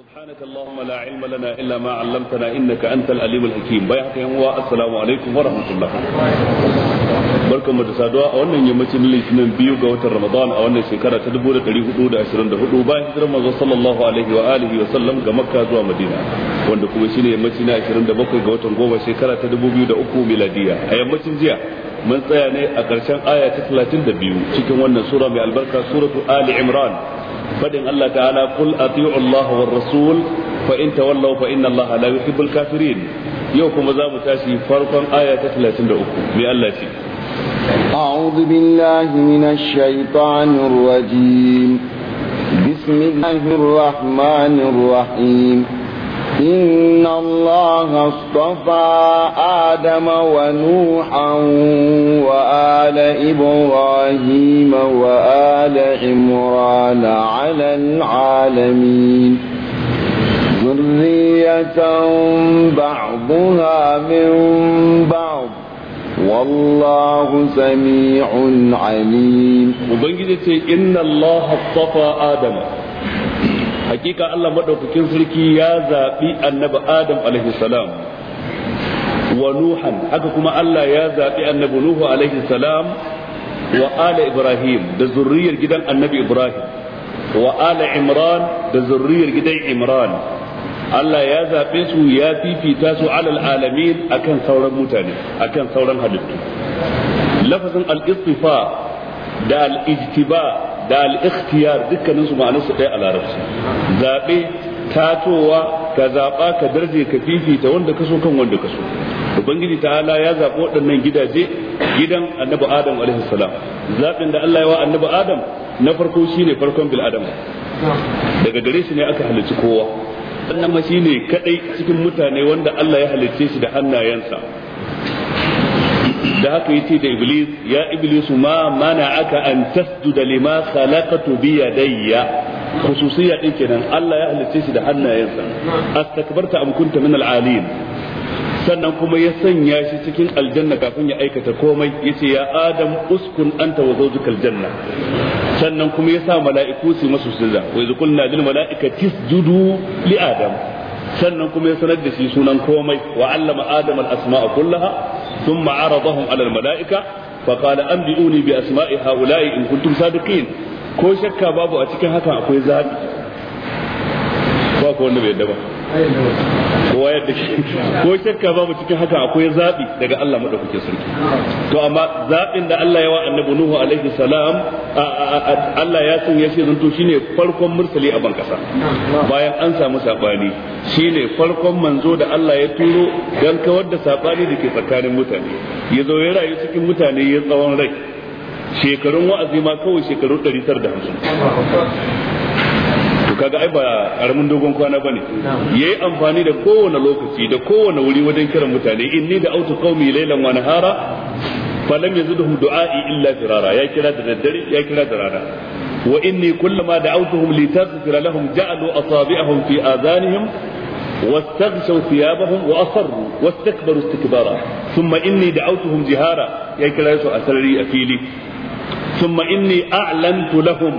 سبحانك اللهم لا علم لنا الا ما علمتنا انك انت العليم الحكيم باي haka yan uwa assalamu alaikum wa rahmatullah barkan mu da saduwa a wannan yammacin litinin biyu ga watan ramadan a wannan shekara ta 1424 bayan hijirar manzo sallallahu alaihi wa alihi wa sallam ga makka zuwa madina wanda kuma shine yammacin na 27 ga watan goma shekara ta 2003 miladiya a yammacin jiya mun tsaya ne a ƙarshen aya ta 32 cikin wannan sura mai albarka suratu ali imran fadin Allah ta'ala qul ati'u Allah war rasul fa in tawallaw fa inna Allah la yuhibbul kafirin yau kuma za mu tashi farkon aya ta 33 da Allah ce أعوذ بالله من الشيطان الرجيم بسم الله الرحمن الرحيم إن الله اصطفى آدم ونوحا وآل إبراهيم وآل عمران على العالمين ذرية بعضها من بعض والله سميع عليم وبنجد إن الله اصطفى آدم hakika Allah madaukakin sarki ya zaɓi annabi Adam alaihi salam wa Nuhan haka kuma Allah ya zabi annabi Nuhu alaihi salam wa ala Ibrahim da zurriyar gidan annabi Ibrahim wa ala Imran da zurriyar gidan Imran Allah ya zaɓe su ya fifita su alal alamin akan sauran mutane akan sauran halittu lafazin al-istifa da al-ijtiba da al-ikhtiyar ma'anar su ɗaya a larabci zaɓe tatowa ka zaɓa ka darje ka fifita wanda ka so kan wanda ka so ubangiji ta'ala ya zaɓi waɗannan gidaje gidan annabi adam alaihi salam zaɓin da Allah ya wa annabi adam na farko shine farkon bil adam daga gare shi ne aka halicci kowa wannan ma shine kadai cikin mutane wanda Allah ya halicce shi da hannayensa da haka yace da iblis ya iblis ma aka an tasjuda lima khalaqtu bi yadayya khususiyya din kenan Allah ya halitta shi da hannayensa astakbarta am kunta min al sannan kuma ya sanya shi cikin aljanna kafin ya aikata komai yace ya adam uskun anta wa zawjuka aljanna sannan kuma ya sa mala'iku su masu sujda wa idh lil mala'ikati isjudu li adam sannan kuma ya sanar da shi sunan komai wa allama adam al asma'a kullaha ثم عرضهم على الملائكة فقال أنبئوني بأسماء هؤلاء إن كنتم صادقين ko shakka babu a cikin hakan akwai zaɓi ba ko wanda bai yadda ba wayar da shi ko shakka ba cikin haka akwai zabi daga Allah madaukakin sarki to amma zabin da Allah ya wa annabi Nuhu alaihi salam Allah ya san ya zanto shine farkon mursali a ban kasa bayan an samu sabani shine farkon manzo da Allah ya turo dan kawar da sabani da ke tsakanin mutane ya zo ya rayu cikin mutane ya tsawon rai shekarun wa'azi ma kawai shekaru 950 kaga ai ba karamin dogon kwana bane yayi amfani da kowane lokaci da kowane wuri wajen kiran mutane inni da autu qaumi laylan wa nahara falam yazidhum du'a'i illa firara ya kira da daddare ya kira da rana wa inni kullama da'awtuhum litaghfira lahum ja'alu asabi'ahum fi adhanihim واستغشوا ثيابهم واصروا واستكبروا استكبارا ثم اني دعوتهم جهارا يا كلاس اسرري افيلي ثم اني اعلنت لهم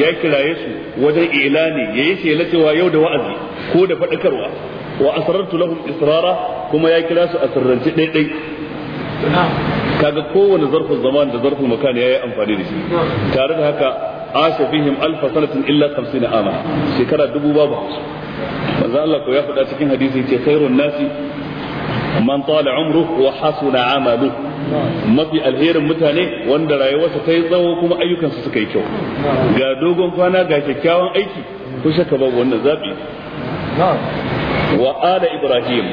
ya kiraye su wajen ilani yayi shela cewa yau da wa'azi ko da faɗakarwa wa asrartu lahum israra kuma ya kira su asirrance daidai kaga kowane zarfin zaman da zarfin makan yi amfani da shi tare da haka asha fihim alf sanatin illa 50 ama shekara dubu babu manzo Allah ko ya faɗa cikin hadisi ce khairun nasi man tala umruhu wa hasuna amaluhu mafi alherin mutane wanda rayuwarsa ta yi tsawo kuma ayyukansu suka yi kyau ga dogon kwana ga kyakkyawan aiki ko shakabar babu wannan zabi wa ala ibrahim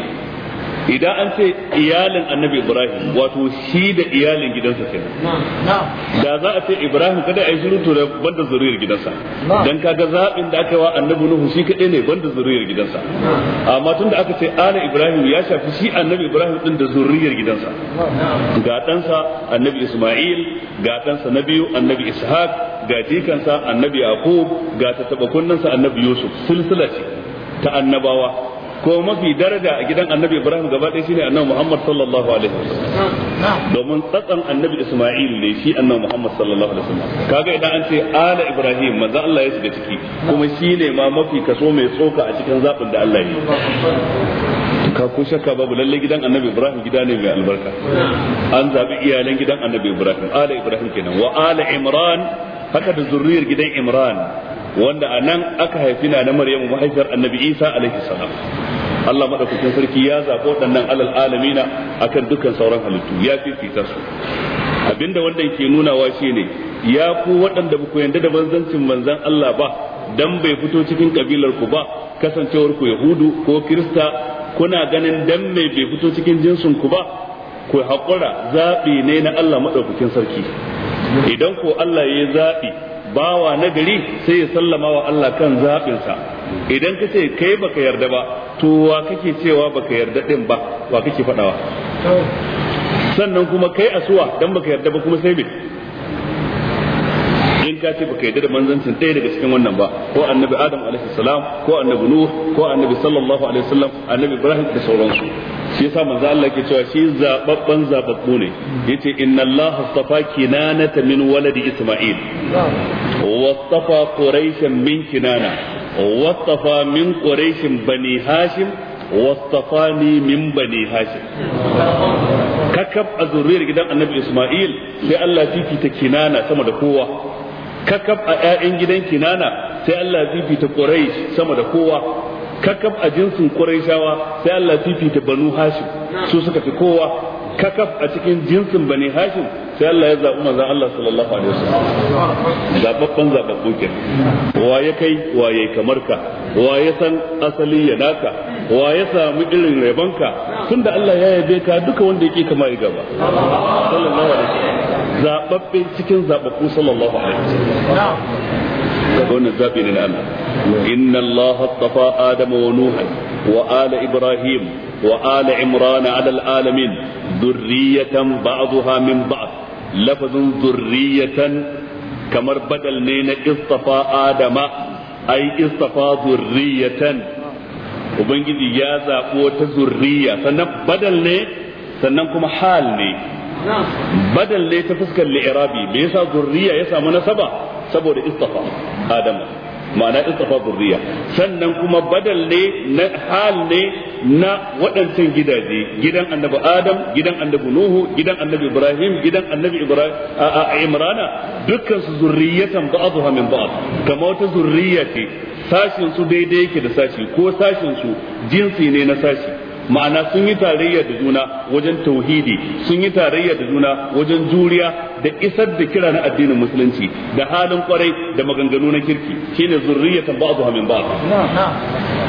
idan an ce iyalin annabi ibrahim wato shi da iyalin gidansa kenan da za a ce ibrahim kada a yi shiru to banda zuriyar gidansa dan kaga zaɓin da aka yi wa annabi nuhu shi kaɗai ne banda zuriyar gidansa amma tun da aka ce ala ibrahim ya shafi shi annabi ibrahim din da zuriyar gidansa ga ɗansa annabi isma'il ga ɗansa na biyu annabi ishaq ga jikansa annabi yaqub ga kunnensa annabi yusuf silsila ce ta annabawa ko mafi daraja a gidan annabi ibrahim gaba ɗaya shine annabi muhammad sallallahu alaihi wasallam domin tsatsan annabi isma'il ne shi annabi muhammad sallallahu alaihi wasallam kaga idan an ce ala ibrahim manzo Allah ya shiga ciki kuma shine ma mafi kaso mai tsoka a cikin zabin da Allah ya ka ko shakka babu lalle gidan annabi ibrahim gida ne mai albarka an zabi iyalan gidan annabi ibrahim ala ibrahim kenan wa ala imran haka da zurriyar gidan imran wanda a nan aka haifi na maryamu mahaifiyar annabi isa alaihi salam Allah madaukakin sarki ya zaɓi waɗannan alal alamina akan dukkan sauran halittu ya fifita su abinda wanda ke nunawa ne, ya ku waɗanda ba ku yanda da banzancin manzan Allah ba dan bai fito cikin kabilar ku ba kasancewar ku yahudu ko kirista kuna ganin dan mai bai fito cikin jinsin ku ba ku haƙura zaɓi ne na Allah madaukakin sarki idan ko Allah ya zaɓi bawa na gari sai ya sallama wa Allah kan zaɓinsa idan ka ce kai baka yarda ba to wa kake cewa baka yarda din ba wa kake faɗawa sannan kuma kai asuwa dan baka yarda ba kuma sai me in ka ce baka yarda da manzancin ɗaya daga cikin wannan ba ko annabi adam alaihi salam ko annabi nuh ko annabi sallallahu alaihi wasallam annabi ibrahim da sauransu shi yasa manzo Allah ke cewa shi zababban zababbu ne yace inna Allah astafa kinanata min waladi Isma'il wastafa quraishan min kinana wastafa min quraishin bani hashim wastafani min bani hashim kakab a zuriyar gidan annabi Isma'il sai Allah fifita kinana sama da kowa kakab a 'ya'yan gidan kinana sai Allah fifita quraish sama da kowa kakaf a jinsin quraishawa sai Allah fifita banu hashim su suka fi kowa kakaf a cikin jinsin bani hashim sai Allah ya zaɓi manzon Allah sallallahu alaihi wasallam zababban zababbu ke wa ya kai wa ya kamar ka wa ya san asali ya naka wa ya samu irin rabon rabonka tunda Allah ya yabe ka duka wanda yake kama ya gaba sallallahu alaihi wasallam zababbe cikin zababbu sallallahu alaihi wasallam هنا الباب إلى الامام إن الله اصطفى آدم ونوحا وآل إبراهيم وآل عمران على العالمين ذرية بعضها من بعض لفظ ذرية كما بدل نين اصطفى آدم أي اصطفى ذرية وبنجي يا زاقوة ذرية فنبدل نين سنكم حال نين badal ne ta fuskar li'irabi me yasa zurriya ya samu nasaba saboda istafa adama ma'ana istafa zurriya sannan kuma badal ne na hal ne na waɗancan gidaje gidan annabi adam gidan annabi nuhu gidan annabi ibrahim gidan annabi ibrahim imrana dukkan su zurriyatan ba'dha min ba'd kamar wata zurriya ce sashin su daidai yake da sashi ko sashin su jinsi ne na sashi ma'ana sun yi tarayya da juna wajen tauhidi sun yi tarayya da juna wajen juriya da isar da kira na addinin musulunci da halin kwarai da maganganu na kirki shine zurriyatan ba'dha min ba'd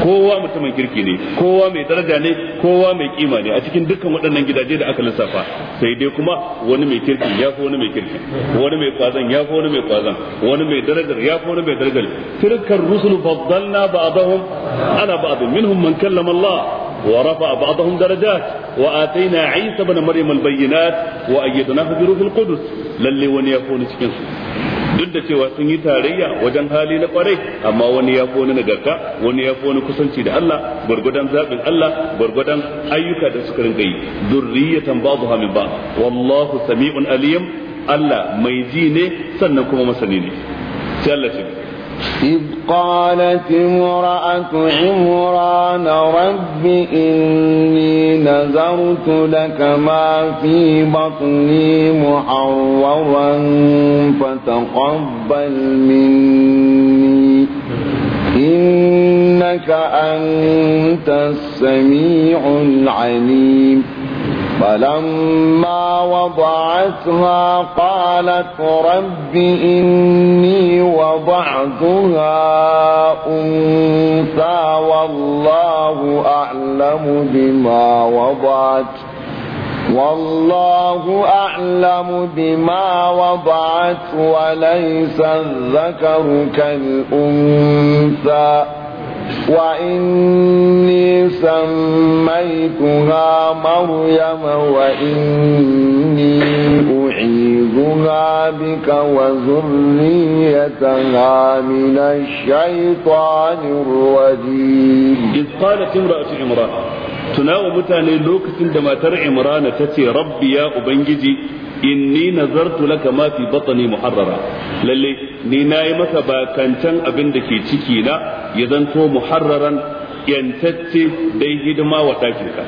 kowa mutumin kirki ne kowa mai daraja ne kowa mai kima ne a cikin dukkan waɗannan gidaje da aka lissafa sai dai kuma wani mai kirki ya fi wani mai kirki wani mai kwazan ya fi wani mai kwazan wani mai darajar ya fi wani mai darajar tilkar rusul faddalna ba'dahum ala ba'd minhum man kallama Allah ورفع بعضهم درجات وآتينا عيسى بن مريم البينات وأيدناه بروح القدس للي وني يكون cikin su duk da cewa sun yi tarayya wajen hali na kwarai amma wani ya fi wani nagarta wani ya fi wani kusanci da Allah gwargwadon zaɓin Allah gwargwadon ayyuka da suka rinka yi zurriyatan ba'dha min ba'd wallahu sami'un aliyam Allah mai ji ne sannan kuma masani ne sai Allah shi إذ قالت امرأة عمران رب إني نذرت لك ما في بطني محررا فتقبل مني إنك أنت السميع العليم فلما وضعتها قالت رب إني وضعتها أنثى والله أعلم بما وضعت والله أعلم بما وضعت وليس الذكر كالأنثى وإني سميتها مريم وإني أعيذها بك وذريتها من الشيطان الرجيم إذ قالت امرأة عمران تناوب متاني لوكس عندما ترى عمران تتي ربي يا أبنجدي inni nazartu laka ma fi batni muharrara lalle ni nayi masa bakancan abin da ke ciki na ya zanto muharraran yantacce dai hidima wa dakin ka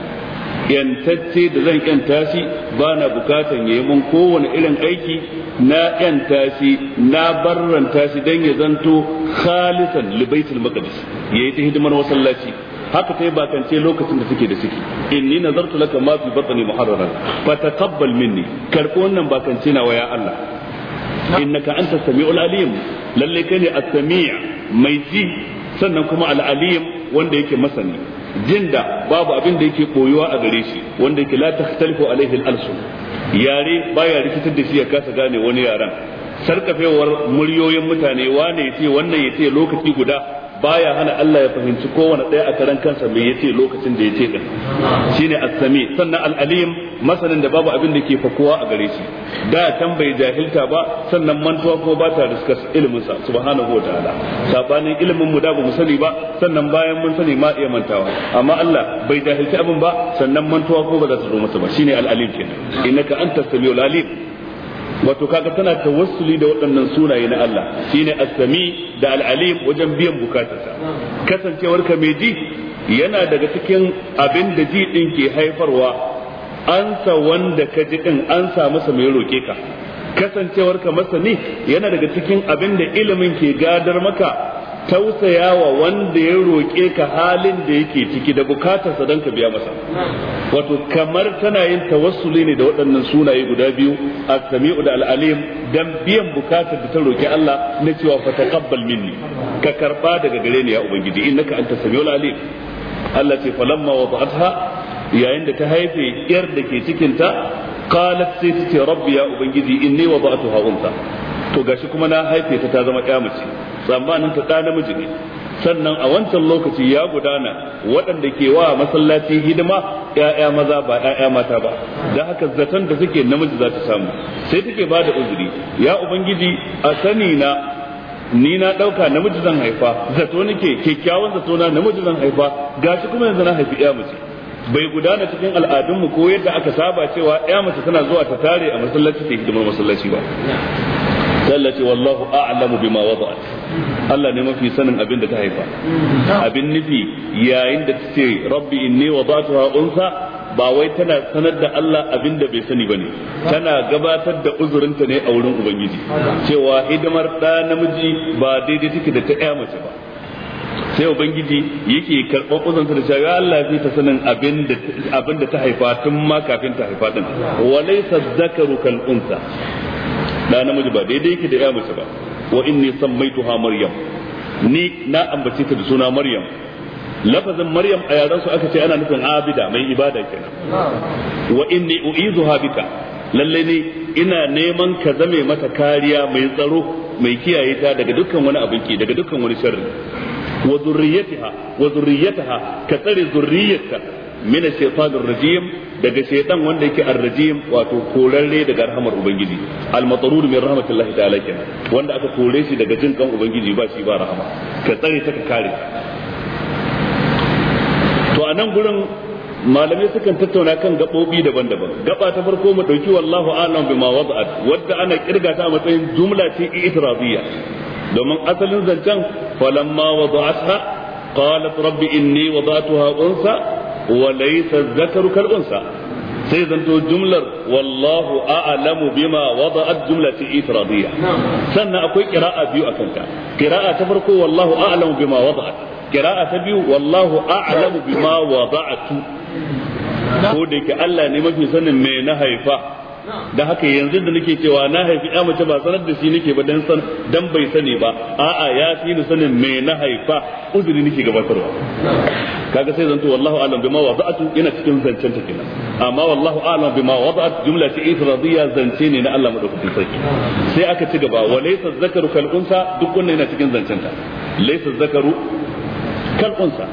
yantacce da zan yanta shi ba na bukatan yayi mun kowane irin aiki na yanta shi na barranta shi dan ya zanto khalisan li baitul maqdis yayi ta hidimar masallaci haka ta yi bakance lokacin da suke da ciki inni nazartu laka ma fi batni muharraran fa min minni karbi wannan bakance na waya Allah innaka anta samiul alim lalle kai ne as-sami' mai ji sannan kuma al-alim wanda yake masani jin da babu abin da yake koyuwa a gare shi wanda yake la takhtalifu alaihi al-alsu yare baya rikitar da shi ya kasa gane wani yaran sarkafewar muryoyin mutane wane ya ce wannan ya ce lokaci guda baya hana Allah ya fahimci kowane ɗaya a karan kansa ya ce lokacin da ya yace Shi shine as-sami sannan al-alim masanin da babu abin da ke fakuwa a gare shi da can bai jahilta ba sannan mantuwa kuma ba ta diskas ilimin sa subhanahu wa ta'ala sabanin ilimin mu da ba mu sani ba sannan bayan mun sani ma iya mantawa amma Allah bai jahilci abin ba sannan mantuwa ko ba za ta zo masa ba shine al-alim kenan innaka antas samiul alim wato kaga tana tawassuli da waɗannan sunaye na Allah shine as-sami da al-alim wajen biyan bukatarsa kasancewar ka mai ji yana daga cikin abin da ji din ke haifarwa ansa wanda ka ji din an sa masa mai roke ka kasancewar ka masani yana daga cikin abin da ilimin ke gadar maka Tausaya wa wanda ya roƙe ka halin da yake ciki da bukatarsa don ka biya masa wato kamar tana yin tawassuli ne da waɗannan sunaye guda biyu as-sami'u da al-alim biyan bukatar da ta roƙi Allah na cewa fa taqabbal minni ka karba daga gare ni ya ubangiji innaka anta samiul alim Allah ce falamma wada'atha yayin da ta haife yar da ke cikinta qalat sai ta ce rabbi ya ubangiji inni wada'tuha unsa to gashi kuma na haife ta ta zama ƙyamace tsammanin ta ɗa namiji ne sannan a wancan lokaci ya gudana waɗanda ke wa masallaci hidima ‘ya'ya maza ba ‘ya'ya mata ba da haka zaton da suke namiji za ta samu sai take ba da uzuri ya ubangiji a sani na ni na ɗauka namiji zan haifa zato nake kyakkyawan zato na namiji zan haifa gashi kuma yanzu na haifi ‘ya mace bai gudana cikin al'adunmu ko yadda aka saba cewa ‘ya mace tana zuwa ta tare a masallaci ta hidimar masallaci ba sallati wallahu a'lamu bima wada'at Allah ne mafi sanin abin ta haifa abin nufi yayin da tace rabbi inni wada'tuha unsa ba wai tana sanar da Allah abin da bai sani bane tana gabatar da uzurinta ne a wurin ubangiji cewa hidimar da namiji ba daidai take da ta ƴa mace ba sai ubangiji yake karɓar uzunta da cewa Allah zai ta sanin abin da ta haifa tun ma kafin ta haifa din walaysa zakaru kal unsa da namiji ba daidai yake da ya mace ba wa inni sammaituha maryam ni na ambace ta da suna maryam lafazin maryam a yaran su aka ce ana nufin abida mai ibada kenan wa inni u'izu bika lalle ne ina neman ka zame mata kariya mai tsaro mai kiyaye ta daga dukkan wani abinki daga dukkan wani sharri wa zurriyataha wa zurriyataha ka tsare zurriyarta min ash-shaytanir rajim daga shaytan wanda yake arrajim wato korarre daga rahmar ubangiji al-matarud min rahmatillahi ta'ala kenan wanda aka kore shi daga jin kan ubangiji ba shi ba rahama ka tsare ta ka kare to a nan gurin malamai sukan tattauna kan gaɓoɓi daban-daban gaba ta farko mu ɗauki wallahu alam bima wada'at wadda ana kirga ta a matsayin jumla ce i'tiradiyya domin asalin zancen falamma wada'atha qalat rabbi inni wada'tuha unsa wa laysa dhakaru kal unsa sai zanto jumlar wallahu a'lamu bima wada'at jumlati ifradiyya sannan akwai qira'a biyu akan ta qira'a ta farko wallahu a'lamu bima wada'at qira'a ta biyu wallahu a'lamu bima wada'atu ko da yake Allah ne mafi sanin me na haifa da haka yanzu da nake cewa na haifi ya mace ba sanar da shi nake ba dan san dan bai sani ba a'a ya fi ni sanin me na haifa uzuri nake gabatarwa kaga sai zanto wallahu alam bima wada'atu ina cikin zancen take kenan amma wallahu alam bima wada'at jumla ta ifradiyya zance ne na Allah madaukakin sarki sai aka ci gaba wa laysa zakaru kal unsa duk wannan yana cikin zancen ta laysa zakaru kal unsa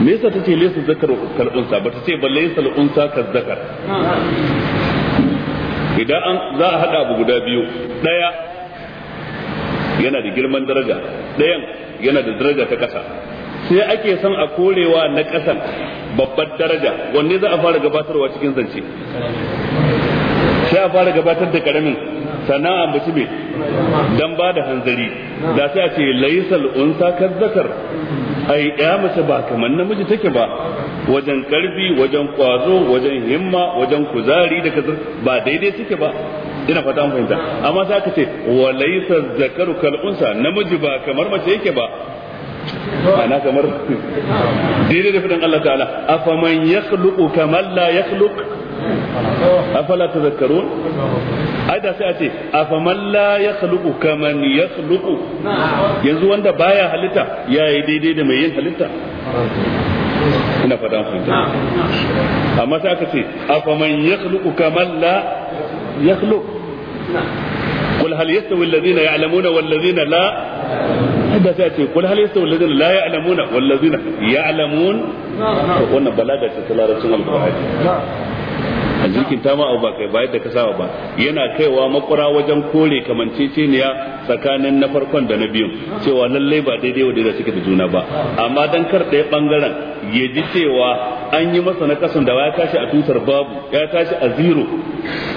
me yasa tace laysa zakaru kal unsa bata ce ba laysa al unsa kaz zakar idan an za a haɗa abu guda biyu ɗaya yana da girman daraja ɗayan yana da daraja ta ƙasa sai ake son a korewa na ƙasan babbar daraja wanne za a fara gabatarwa cikin zance sai a fara gabatar da ƙaramin sana'a mutumin don ba da hanzari da sai a ce laisal unsa kazzakar ai ya mace ba kamar namiji take ba wajen karfi wajen kwazo wajen himma wajen kuzari da kaza ba daidai take ba ina fata mun fahimta amma sai aka ce wa laysa zakaru kal unsa namiji ba kamar mace yake ba ana kamar daidai da fidan Allah ta'ala afaman yakhluqu kamal la yakhluq afala tazakkarun ai da sai a ce afaman la yakhluqu kaman yakhluqu yanzu wanda baya halitta ya yayi daidai da mai yin halitta ina fada fahimta amma sai aka ce afaman yakhluqu kaman la yakhluq قل هل يستوي الذين يعلمون والذين لا da sai a ce kul hal yastawi alladhina la ya'lamuna wal ladhina ya'lamun wannan balaga ce ta larabcin alqur'ani a ta ma ba kai bayar da ka ba yana kaiwa makura wajen kore kamanceceniya tsakanin na farkon da na biyun cewa lallai ba daidai wa da suke da juna ba amma dan kar ɗaya bangaren ya ji cewa an yi masa na kasan da ya tashi a tutar babu ya tashi a zero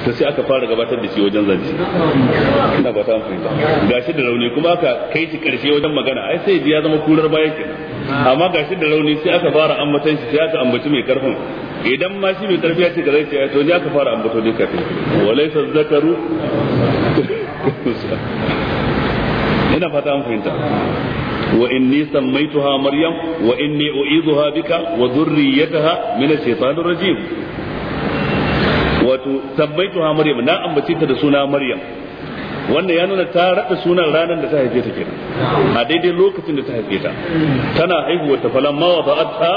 to sai aka fara gabatar da shi wajen zance ina ba ta fahimta da rauni kuma aka kai shi karshe wajen magana ai sai ya zama kurar baya ke amma ga shi da rauni sai aka fara ambatan shi sai aka ambaci mai karfin idan ma shi mai karfi ya ce ga zai ce to ne aka fara ambato ne kafin sa zakaru ina fata an fahimta wa inni sammaituha maryam wa inni u'izuha bika wa dhurriyyataha min ash-shaytanir rajim wato sammaituha maryam na ambace ta da suna maryam wannan ya nuna ta raɗa sunan ranar da ta haife ta kenan a daidai lokacin da ta haife ta tana haihuwa ta falan ma wa ba'atha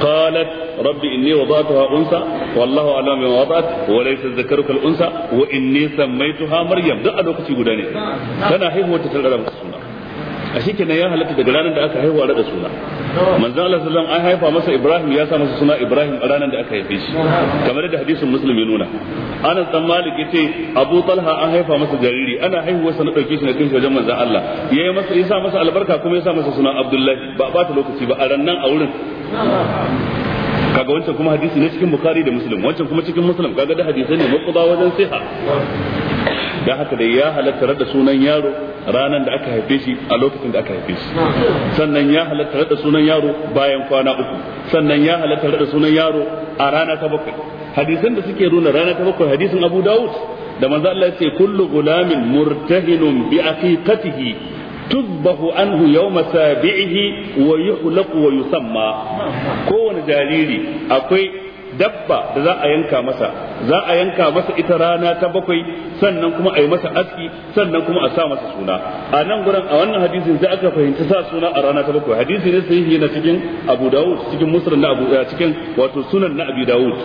قالت رب إني وضعتها أنثى والله أعلم بما وضعت وليس الذكر كالأنثى وإني سميتها مريم ده أدوك في غداني كان هو تتلقى السنة ashe kenan ya halarta daga ranar da aka haihu a rada suna manzo Allah sallallahu an haifa masa Ibrahim ya sa masa suna Ibrahim a ranar da aka haife shi kamar da hadisin Muslim ya nuna An dan Malik yace Abu Talha an haifa masa jariri ana haihuwa sa na dauke shi na kai shi wajen manzo Allah yayi ya sa masa albarka kuma ya sa masa suna Abdullahi ba ba ta lokaci ba a rannan a wurin kaga wancan kuma hadisi ne cikin bukhari da muslim wancan kuma cikin muslim kaga da hadisai ne makuba wajen siha da haka dai ya halatta rada sunan yaro ranar da aka haife shi a lokacin da aka haife shi sannan ya halatta rada sunan yaro bayan kwana uku sannan ya halatta rada sunan yaro a rana ta bakwai hadisan da suke nuna rana ta bakwai hadisin abu dawud da manzo Allah ya ce kullu gulamin murtahinun bi aqiqatihi tuzbahu anhu yawma sabi'ihi wa yuhlaqu kowane jariri akwai dabba da za a yanka masa za a yanka masa ita rana ta bakwai sannan kuma a yi masa aski sannan kuma a sa masa suna a nan gurin a wannan hadisin da aka fahimci sa suna a rana ta bakwai hadisi ne sahihi yana cikin Abu Dawud cikin Muslim na Abu eh, cikin sunan na Abi Dawud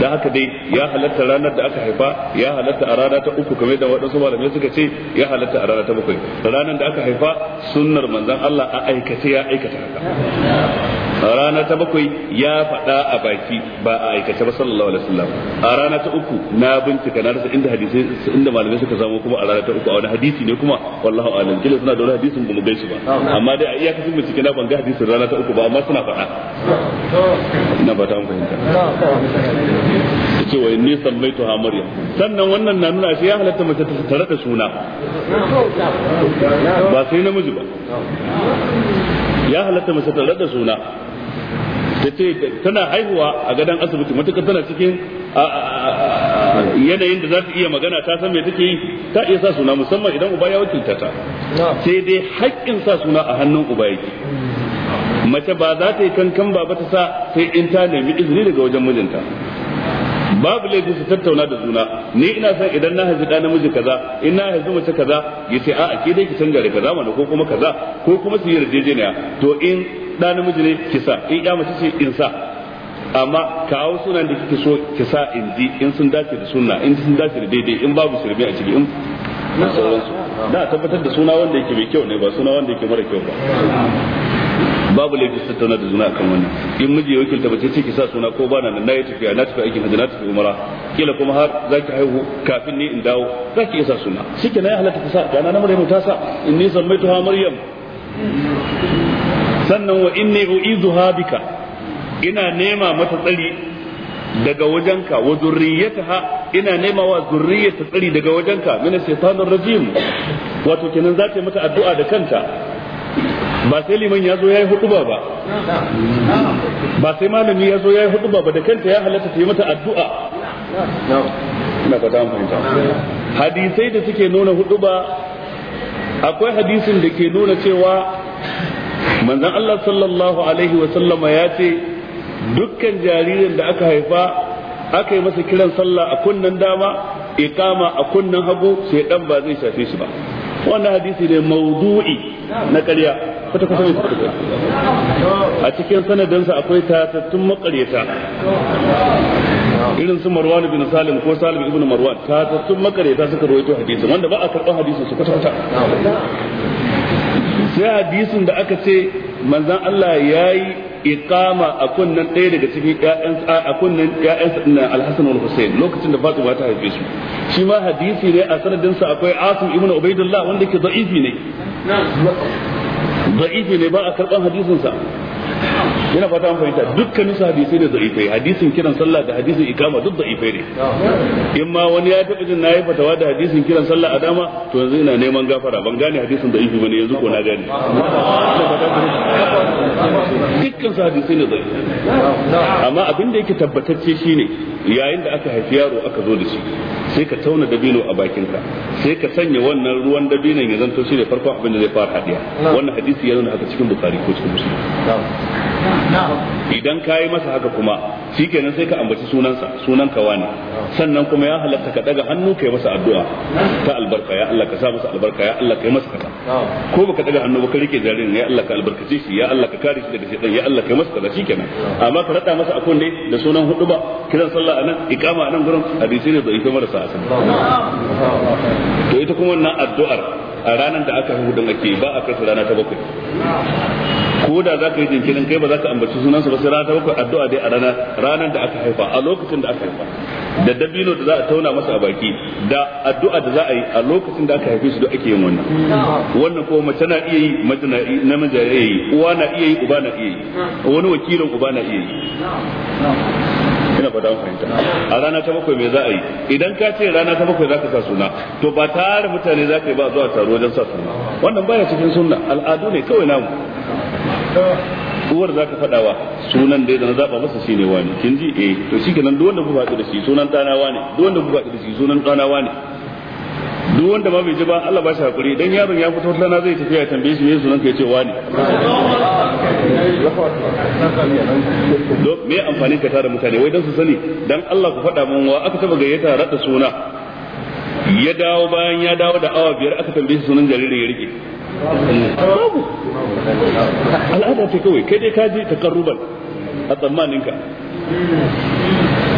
da haka dai ya halatta ranar da aka haifa ya halatta a rana ta uku kamar da waɗansu malamai suka ce ya halatta a rana ta bakwai ranar da aka haifa sunnar manzon Allah a aikace ya aikata haka rana ta bakwai ya faɗa a baki ba a aikace ba sallallahu alaihi wasallam a rana ta uku na bincika na rasa inda hadisi inda malamai suka samu kuma a rana ta uku a wani hadisi ne kuma wallahu alam kila suna da wani hadisin ba mu su ba amma dai a iyakacin bincike na banga ga hadisin rana ta uku ba amma suna faɗa ina ba ta mun fahimta cewa mai sammaitu ha maryam sannan wannan na nuna shi ya halatta mace ta tare da suna ba sai namiji ba ya halatta mace ta tare da suna ya ce tana haihuwa a gadon asibiti matuƙar tana cikin yanayin da za ta iya magana ta san me take yi ta iya sa suna musamman idan uba ya wakilta ta sai dai haƙƙin sa suna a hannun uba yake mace ba za ta yi kankan ba ta sa sai in ta nemi izini daga wajen mijinta babu laifi su tattauna da juna ni ina san idan na haifi ɗan namiji kaza in na haifi mace kaza ya ce a ke dai ki canja da kaza mana ko kuma kaza ko kuma su yi yarjejeniya to in da namiji ne ki sa in ya mace ce in sa amma kawo sunan da kike so ki sa in ji in sun dace da sunna in sun dace da daidai in babu shirme a ciki in na da tabbatar da suna wanda yake mai kyau ne ba suna wanda yake mara kyau ba babu laifin su tattauna da juna akan wannan in miji ya wakilta bace ce ki sa suna ko bana nan nayi tafiya na tafi aikin hajji na tafi umara kila kuma har zaki haihu kafin ni in dawo zaki isa suna shike na ya halatta ta sa gana na maryam ta sa inni zammaituha maryam sannan wa inni u'izuha Habika ina nema mata tsari daga wajenka wa zurriyataha ina nema wa zurriyata tsari daga wajenka min shaitanir rajim wato kenan zace mata addu'a da kanta ba sai liman ya zo ya yi ba ba sai malami ya zo ya yi ba da kanta ya halatta ta yi mata addu'a ina fata mun fahimta hadisai da suke nuna hutuba akwai hadisin da ke nuna cewa manzon Allah sallallahu alaihi wa sallama ya ce dukkan jaririn da aka haifa aka yi masa kiran sallah a kunnen dama iqama a kunnen hagu sai dan ba zai shafe shi ba wannan hadisi ne maudu'i na ƙarya kuta kusa ne a cikin sanadinsa akwai tatattun maƙaryata irin su marwan bin salim ko salim ibn marwan tatattun maƙaryata suka rawaito hadisi wanda ba a karɓar hadisin su kuta kuta sai hadisin da aka ce manzon Allah yayi iqama a kunnan ɗaya daga cikin ƴaƴan a kunnen ƴaƴan na Al-Hasan wal lokacin da Fatima ta haife su shi ma hadisi ne a sanadin sa akwai Asim ibn Ubaidullah wanda ke da'ifi ne da'ifi ne ba a karban hadisin sa yana fata an fahimta dukkanin su hadisai ne da'ifai hadisin kiran sallah da hadisin ikama duk da'ifai ne in ma wani ya taɓa jin nayi fatawa da hadisin kiran sallah a dama to yanzu ina neman gafara ban gane hadisin da'ifi bane yanzu ko na gane dukkan su hadisai ne da'ifai amma abin da yake tabbatacce shine yayin da aka haifi yaro aka zo da shi sai ka tauna dabino a bakinka sai ka sanya wannan ruwan dabinon ya zanto shi ne farkon abin da zai fara hadiya wannan hadisi ya nuna haka cikin bukari ko cikin musulmi idan ka yi masa haka kuma shikenan sai ka ambaci sunansa sunan ka wani sannan kuma ya halatta ka daga hannu yi masa addu'a ta albarka ya Allah ka sa masa albarka ya Allah yi masa kaza ko baka daga hannu ba ka rike jaririn ya Allah ka albarkace shi ya Allah ka kare shi daga shedan ya Allah yi masa kaza shikenan amma ka rada masa akon dai da sunan hudu ba kiran sallah anan iqama anan gurin hadisi ne da ita marasa asali to ita kuma wannan addu'ar a ranar da aka hudu ake ba a kasa rana ta bakwai ko da za ka yi jinkirin kai ba za ka ambaci sunansa ba sai rana bakwai addu'a dai a rana ranar da aka haifa a lokacin da aka haifa da dabino da za a tauna masa a baki da addu'a da za a yi a lokacin da aka haife shi duk ake yin wannan wannan ko mace na iya yi mace na namiji na iya yi uwa na iya yi uba na iya yi wani wakilin uba na iya yi ina fata fahimta a rana ta bakwai me za a yi idan ka ce rana ta bakwai za ka sa suna to ba tare mutane ka yi ba zuwa taro wajen sa suna wannan baya cikin sunna al'adu ne kawai namu uwar zaka fadawa sunan da na zaba masa shine wani kin ji eh to duk wanda ku faɗi da shi sunan wani duk wanda ku faɗi da shi sunan wani duk wanda ma bai ji ba Allah ba shi hakuri dan yaron ya fito tana zai tafiya tambaye shi me sunan ka yace wani me amfani ka tare mutane wai dan su sani dan Allah ku faɗa mun wa aka taba gayyata rada suna ya dawo bayan ya dawo da awa biyar aka tambaye sunan jaririn ya rike babu al'ada ce kawai kai dai ka ta takarruban a tsammaninka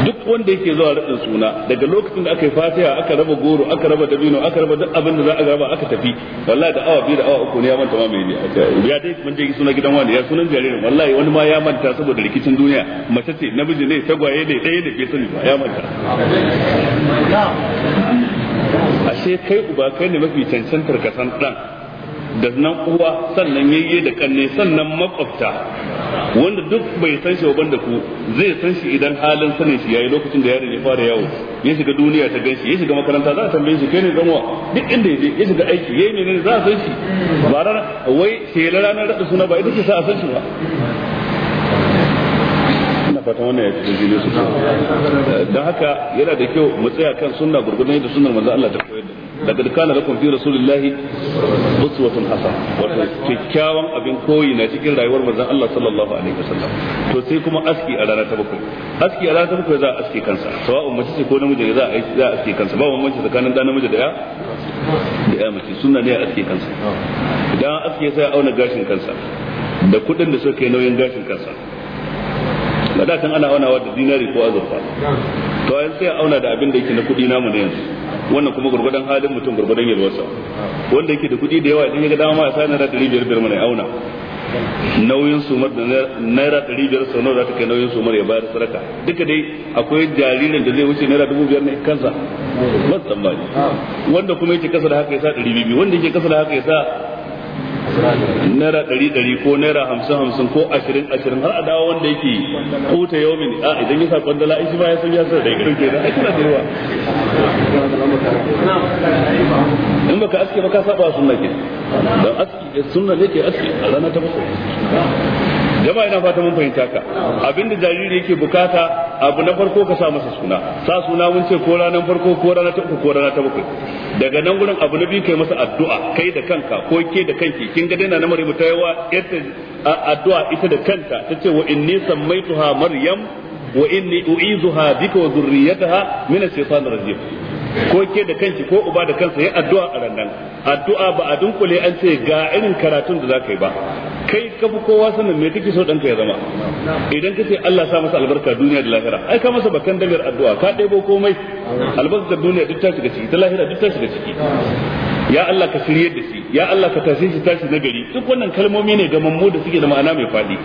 duk wanda yake zuwa raɗin suna daga lokacin da aka yi fatiha aka raba goro aka raba dabino aka raba duk abin da za a raba aka tafi wallahi da awa biyu da awa uku ne ya manta ma mai ya dai mun je suna gidan wani ya sunan jaririn wallahi wani ma ya manta saboda rikicin duniya mace ce namiji ne tagwaye ne ɗaya da bai sani ba ya manta ashe kai uba kai ne mafi cancantar kasan ɗan da nan uwa sannan yayye da kanne sannan makwabta wanda duk bai san shi ban da ku zai san shi idan halin sanin shi yayi lokacin da yaron ya fara yawo ya shiga duniya ta ganshi ya shiga makaranta za a tambaye shi kai ne zanwa duk inda yaje ya shiga aiki yayi ne za a san shi ba wai shelar ranar rada suna ba ita ce sa a san shi ba fata wannan ya cikin jini su haka yana da kyau mu tsaya kan sunna gurgurdan yadda sunnar manzo Allah ta koyar da fi uswatun hasan wato kikkiawan abin koyi na cikin rayuwar manzo Allah sallallahu alaihi wasallam to sai kuma aski a rana ta bakwai aski a rana ta bakwai za a aski kansa ko namiji za a za a aski kansa ba tsakanin namiji da ya da ya mace sunna ne a aski kansa idan aski sai auna gashin kansa da kuɗin da suka kai nauyin gashin kansa da da can ana aunawa da dinari ko azurfa to yanzu sai auna da abin da yake na kudi namu ne yanzu wannan kuma gurgudan halin mutum gurgudan yalwarsa wanda yake da kudi da yawa idan ya ga dama ya sa naira dari biyar biyar mana auna nauyin sumar da naira dari biyar sau nawa za ta kai nauyin sumar ya bayar saraka duka dai akwai jaririn da zai wuce naira dubu biyar ne kansa ba tsammani wanda kuma yake kasa da haka ya sa dari biyu wanda yake kasa da haka ya sa naira ɗari ɗari ko naira hamsin hamsin ko ashirin ashirin har a dawo wanda yake kuta yau mini a idan ya sa kwandala ishi ba ya san ya san da irin ke ai kana da yawa in baka aske ba ka saba sunna ke dan aski sunna ne ke aski a rana ta bakwai jama'a ina fata mun fahimta ka abinda jariri yake bukata abu na farko ka sa masa suna sa suna mun ce ko ranar farko ko ranar ta uku ko ranar ta bakwai daga nan gurin abu na biyu kai masa addu'a kai da kanka ko ke da kanki kin ga dana na mu ta yawa ita addu'a ita da kanta tace wa inni sammaituha Maryam wa inni u'izuha bika wa dhurriyyataha min ash-shaytanir rajim ko ke da kanki ko uba da kansa yi addu'a a rannan addu'a ba a dunkule an ce ga irin karatun da zaka yi ba kai ka fi kowa sanin me kake so danka ya zama idan ka ce Allah sa masa albarka duniya da lahira ai ka masa bakan damiyar addu'a ka ɗebo komai albarkar duniya duk ta shiga ciki ta lahira duk ta shiga ciki ya Allah ka shirye da shi ya Allah ka tashi shi tashi nagari duk wannan kalmomi ne ga mammu da suke da ma'ana mai faɗi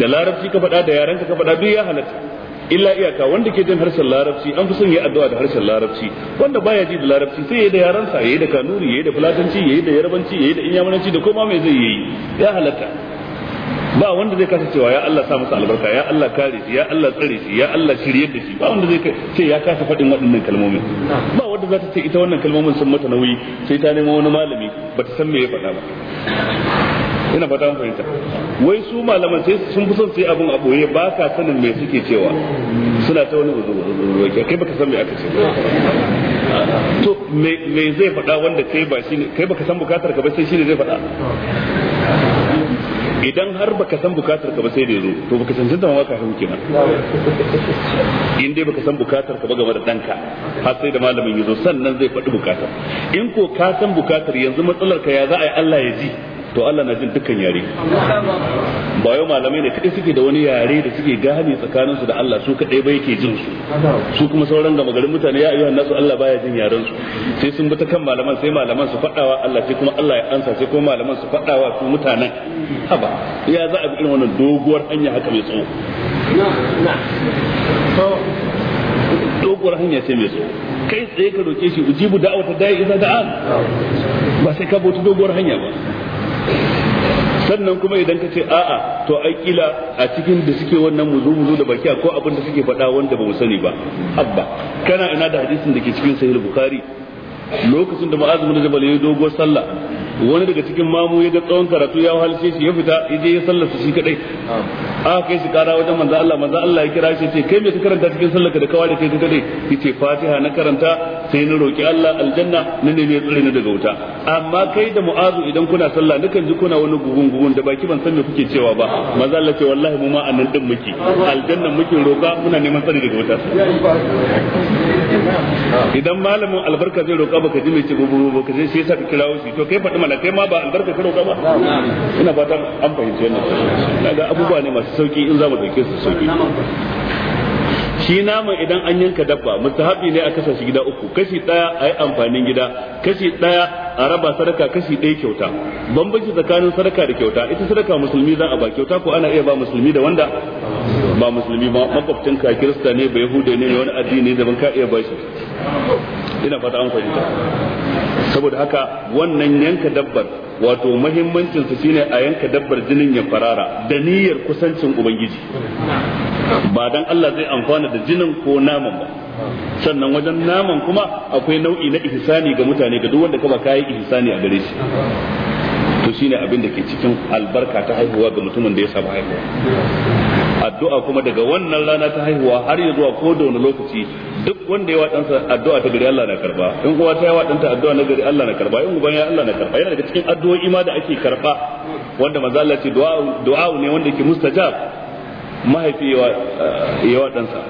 da larabci ka faɗa da yaranka ka faɗa duk ya halatta illa iyaka wanda ke jin harshen larabci an fi son yayi addu'a da harshen larabci wanda baya ji da larabci sai yayi da yaran sa yayi da kanuri yayi da fulatanci yayi da yarbanci yayi da inyamanci da koma mai zai yi ya halatta ba wanda zai kasa cewa ya Allah sa masa albarka ya Allah kare shi ya Allah tsare shi ya Allah shirye da shi ba wanda zai ce ya kasa faɗin waɗannan kalmomin ba wanda za ta ce ita wannan kalmomin sun mata nauyi sai ta nemo wani malami ba ta san me ya faɗa ba ina fata mun fahimta wai su malaman sai sun fi son sai abun a boye ba ka sanin me suke cewa suna ta wani uzuri kai baka san me aka ce to me zai faɗa wanda kai ba shi kai baka san bukatar ka ba sai ne zai faɗa idan har baka san bukatar ka ba sai da yazo to baka san tantama ma kafin kenan in dai baka san bukatar ka ba game da danka har sai da malamin yazo sannan zai faɗi bukatar in ko ka san bukatar yanzu matsalar ka ya za a yi Allah ya ji to Allah na jin dukkan yare ba yau malamai ne kadai suke da wani yare da suke gane tsakanin su da Allah su kadai bai ke jin su su kuma sauran gama garin mutane ya ayyuhan nasu Allah baya jin yaren su sai sun bi ta kan malaman sai malaman su faɗawa Allah sai kuma Allah ya ansa sai kuma malaman su faɗawa su mutanen haba ya za a bi irin wannan doguwar hanya haka mai tsawo doguwar hanya sai mai tsawo kai tsaye ka roke shi ujibu da'awata da'i idza da'an ba sai ka bauta doguwar hanya ba sannan kuma idan ka ce a'a to ai kila a cikin da suke wannan muzu muzu da baki ko abin da suke faɗa wanda ba mu sani ba abba kana ina da hadisin da ke cikin sahih bukhari lokacin da ma'az bin jabal ya dogo sallah wani daga cikin mamu ya ga tsawon karatu ya halice shi ya fita ya je ya su shi kadai a kai shi kara wajen manzo Allah manzo Allah ya kira shi ce kai me ka karanta cikin sallarka da kawai da kai kadai yace Fatiha na karanta sai na roki Allah aljanna na ne tsare na daga wuta amma kai da mu'azu idan kuna sallah dukan ji kuna wani gugun gugun da baki ban san me kuke cewa ba maza Allah ce wallahi mu ma annan din muke aljanna muke roka muna neman tsare daga wuta idan malamin albarka zai roka baka ji mai ce gugu baka ji shi yasa ka kirawo shi to kai faɗi mana kai ma ba albarka ka roka ba ina fatan an fahimci wannan kaga abubuwa ne masu sauki in za mu dauke su sauki shi naman idan an yanka dabba mustahabi ne a kasashen gida uku kashi daya a yi amfanin gida kashi daya a raba sadaka kashi daya kyauta bambanci tsakanin sadaka da kyauta ita sadaka musulmi za a ba kyauta ko ana iya ba musulmi da wanda ba musulmi ba makwabcin ka kirista ne ba yahuda ne wani addini daban ka iya ba shi ina fata an fahimta saboda haka wannan yanka dabbar wato mahimmancin shine a yanka dabbar jinin ya farara da niyyar kusancin ubangiji ba dan Allah zai amfana da jinin ko naman ba sannan wajen naman kuma akwai nau'i na ihsani ga mutane ga duk wanda ka ba kai ihsani a gare shi to shine abin da ke cikin albarka ta haihuwa ga mutumin da ya saba haihuwa addu'a kuma daga wannan rana ta haihuwa har ya zuwa ko da wani lokaci duk wanda ya wa ɗansa addu'a ta gari Allah na karba in uwa ta yawa ɗanta addu'a na gari Allah na karba in uban ya Allah na karba yana daga cikin addu'o'i ma da ake karba wanda manzo Allah ce du'a ne wanda yake mustajab mahaifi eh, wa ɗansa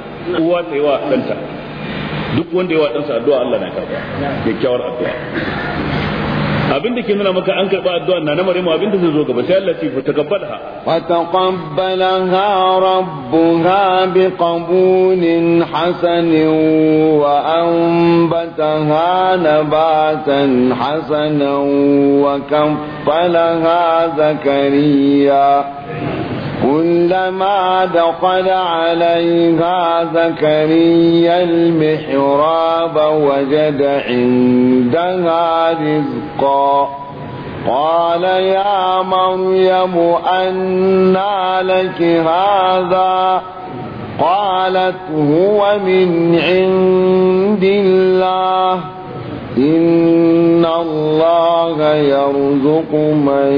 uwa ta wa ɗanta duk wanda wa ɗansa addu'a Allah na karɓa kyakkyawar addu'a abin da ke nuna maka an karɓa addu'a na na maryamu abin da zai zo gaba sai Allah ce fa taqabbalaha fa taqabbalaha rabbuha bi qabulin hasanin wa anbataha nabatan hasanan wa kaffalaha zakariya كلما دخل عليها زكريا المحراب وجد عندها رزقا قال يا مريم أنى لك هذا قالت هو من عند الله إن الله يرزق من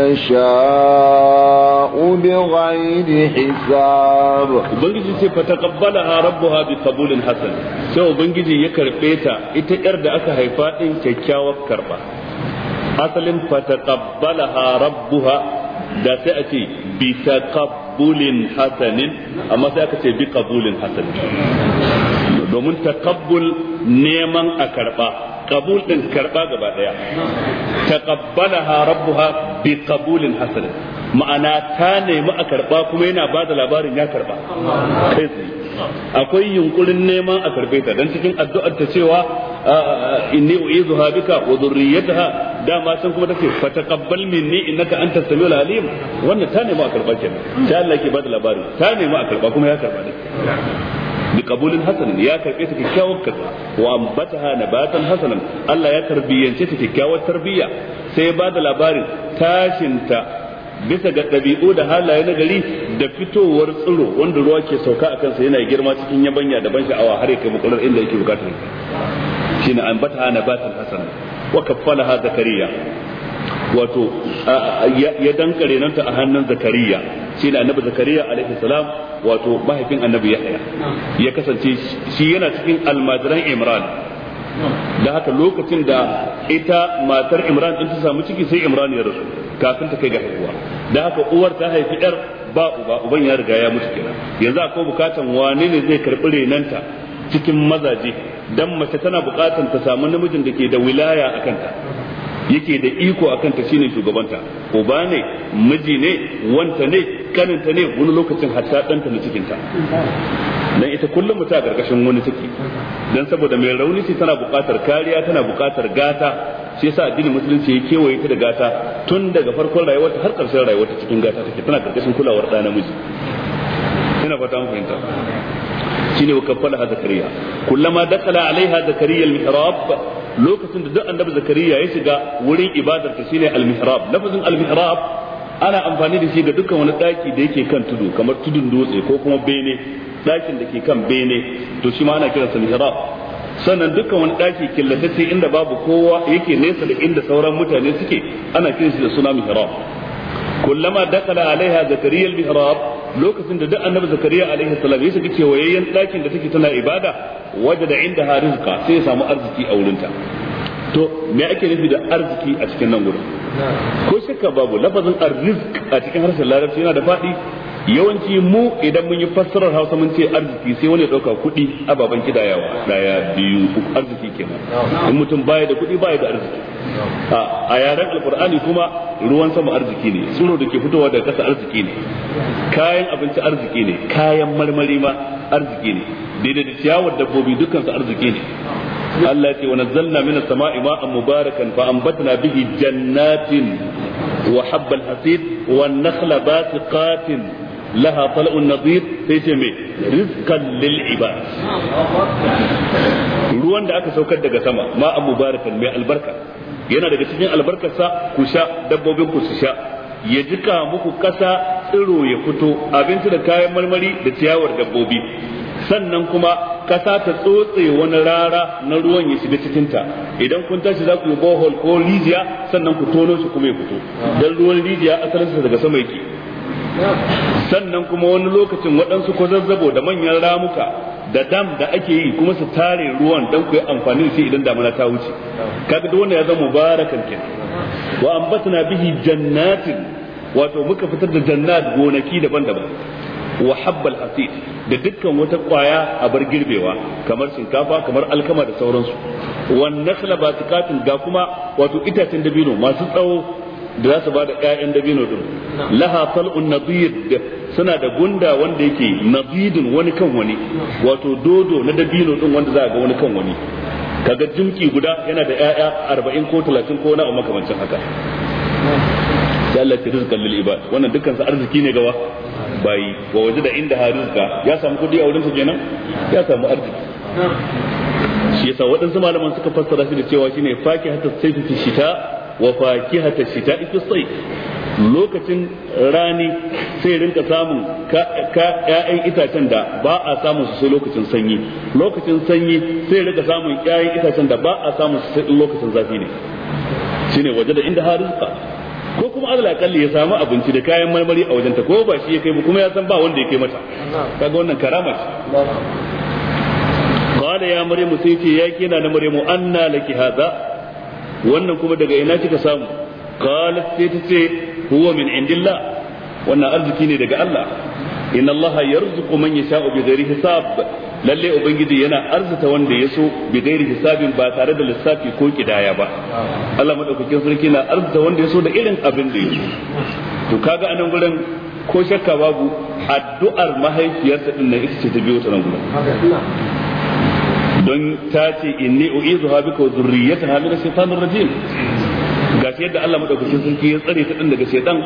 يشاء بغير حساب ubangiji ce fa taqabbalaha rabbuha bi qabulin hasan sai ubangiji ya karɓe ta ita yar da aka haifa din kyakkyawar karba asalin fa taqabbalaha rabbuha da sai a ce bi taqabbulin hasanin amma sai aka ce bi qabulin hasanin domin taqabbul neman a karba qabul din karba gaba daya taqabbalaha rabbuha bi qabulin hasan ma'ana ta nemi a karba kuma yana ba da labarin ya karba kai tsaye akwai yunkurin neman a karbe ta dan cikin addu'ar ta cewa inni u'izuha bika wa dhurriyyataha dama san kuma ta take fa taqabbal minni innaka antas samiul alim wannan ta nemi a karba kenan ta Allah ke ba da labarin ta nemi a karba kuma ya karba din bi Hassan ya karɓi ta kyakkyawar karba wa ambataha nabatan hasanan Allah ya tarbiyance ta kyakkyawar tarbiyya sai ya da labarin tashinta bisa ga ɗabi'u da halaye na gari da fitowar tsiro wanda ruwa ke sauka a kansa yana girma cikin yabanya da ban sha'awa har ya kai makular inda yake bukatar shine ambataha nabatan hasanan wa kaffalaha zakariya wato ya dankare nan a hannun zakariya shi ne annabi zakariya alaihi salam wato mahaifin annabi ya ya kasance shi yana cikin almajiran imran da haka lokacin da ita matar imran din ta samu ciki sai imran ya rasu kafin ta kai ga haihuwa da haka uwar ta haifi yar ba uba uban ya riga ya mutu kenan yanzu akwai bukatan wane ne zai karbi renanta cikin mazaje dan mace tana bukatan ta samu namijin da ke da wilaya a kanta yake da iko akan ta shine shugabanta ba ne miji ne wanta ne kaninta ne wani lokacin hatta ɗanta na cikinta dan ita kullum ta a ƙarƙashin wani take dan saboda mai rauni ce tana buƙatar kariya tana buƙatar gata shi yasa addinin musulunci ya kewaye ta da gata tun daga farkon rayuwarta har ƙarshen rayuwarta cikin gata take tana ƙarƙashin kulawar ɗa namiji ina fata mun fahimta shine wa kaffalaha zakariya kullama dakala alaiha zakariya al-mihrab lokacin da duk annabi zakariya ya shiga wurin ibadar ta shine almihrab lafazin almihrab ana amfani da shi ga dukkan wani daki da yake kan tudu kamar tudun dutse ko kuma bene dakin da ke kan bene to shi ma ana sa mihrab sannan dukkan wani daki killatacce inda babu kowa yake nesa da inda sauran mutane suke ana kiransa da suna mihrab kullama dakala alaiha zakariya al-mihrab lokacin da duk annabi zakariya alaihi salam ya shiga kewayayen dakin da take tana ibada wajada indaha rizqa sai ya samu arziki a wurinta to me ake nufi da arziki a cikin nan gurin ko shakka babu lafazin arzik a cikin harshen larabci yana da faɗi yawanci mu idan mun yi fassarar hausa mun ce arziki sai wani dauka kuɗi ababen kidayawa daya biyu uku arziki kenan in mutum baya da kuɗi baya da arziki a yaren alkur'ani kuma ruwan sama arziki ne tsuro da ke fitowa daga kasa arziki ne kayan abinci arziki ne kayan marmari ma arziki ne daidai da ciyawar dabbobi dukkan su arziki ne Allah ya ce wa nazzalna minas sama'i ma'an mubarakan fa anbatna bihi jannatin wa habbal hasid wan nakhla basiqatin laha طلع nadir sai ce me ruwan da aka saukar daga sama ma mubarakan mai albarka yana daga cikin sa ku sha dabbobin ku su sha ya jika muku kasa tsiro ya fito abinci da kayan marmari da ciyawar dabbobi sannan kuma kasa ta tsotse wani rara na ruwan ya shiga ta idan kun tashi za ku yi bohol ko rijiya sannan ku tono shi kuma ya fito dan ruwan rijiya asalinsa daga sama yake sannan kuma wani lokacin waɗansu ko kwazazzabo da manyan ramuka da dam da ake yi kuma su tare ruwan dan ku yi amfani da shi idan damuna ta wuce kaga duk wanda ya zama mubarakan kenan wa ambatna bihi jannatin wato muka fitar da jannat gonaki daban-daban wa habbal hasid da dukkan wata kwaya a bar girbewa kamar shinkafa kamar alkama da sauransu wan nakhla ga kuma wato itacen dabino masu tsawo da za su ba da ƴaƴan dabino din laha fal'un nadid suna da gunda wanda yake nadidin wani kan wani wato dodo na dabino din wanda za ga wani kan wani kaga jimki guda yana da ƴaƴa 40 ko 30 ko na makamancin haka Ya Allah ya rizqan lil ibad wannan dukkan sa arziki ne gawa bayi wa waje da inda ha rizqa ya samu kudi a wurin sa kenan ya samu arziki shi yasa waɗansu malaman suka fassara shi da cewa shine fakihatu sayfi fi shita wa fakihata shita'i fi sayf lokacin rani sai rinka samun ƴaƴan itacen da ba a samun su sai lokacin sanyi lokacin sanyi sai rinka samun ƴaƴan itacen da ba a samun su sai lokacin zafi ne shine waje da inda harizka ko kuma Allah kalli ya samu abinci da kayan marmari a wajenta ko ba shi ya kai kuma ya san ba wanda ya kai mata kaga wannan karama ce qala ya maryamu sai ce ya kina na maryamu anna laki hadha wannan kuma daga ina kika samu qalat sai ta ce huwa min indillah wannan arziki ne daga Allah inna Allah yarzuqu man yasha'u bi ghairi hisab lalle ubangiji yana arzuta wanda ya so bi ghairi hisabin ba tare da lissafi ko kidaya ba Allah madaukakin sarki na arzuta wanda ya so da irin abin da ya so to kaga anan gurin ko shakka babu addu'ar mahaifiyarsa din nan ita ce ta biyo ta nan gurin don ta ce inni u'izu ha bika zurriyataha min ash-shaytanir rajim gashi yadda Allah madaukakin sarki ya tsare ta din daga shaytan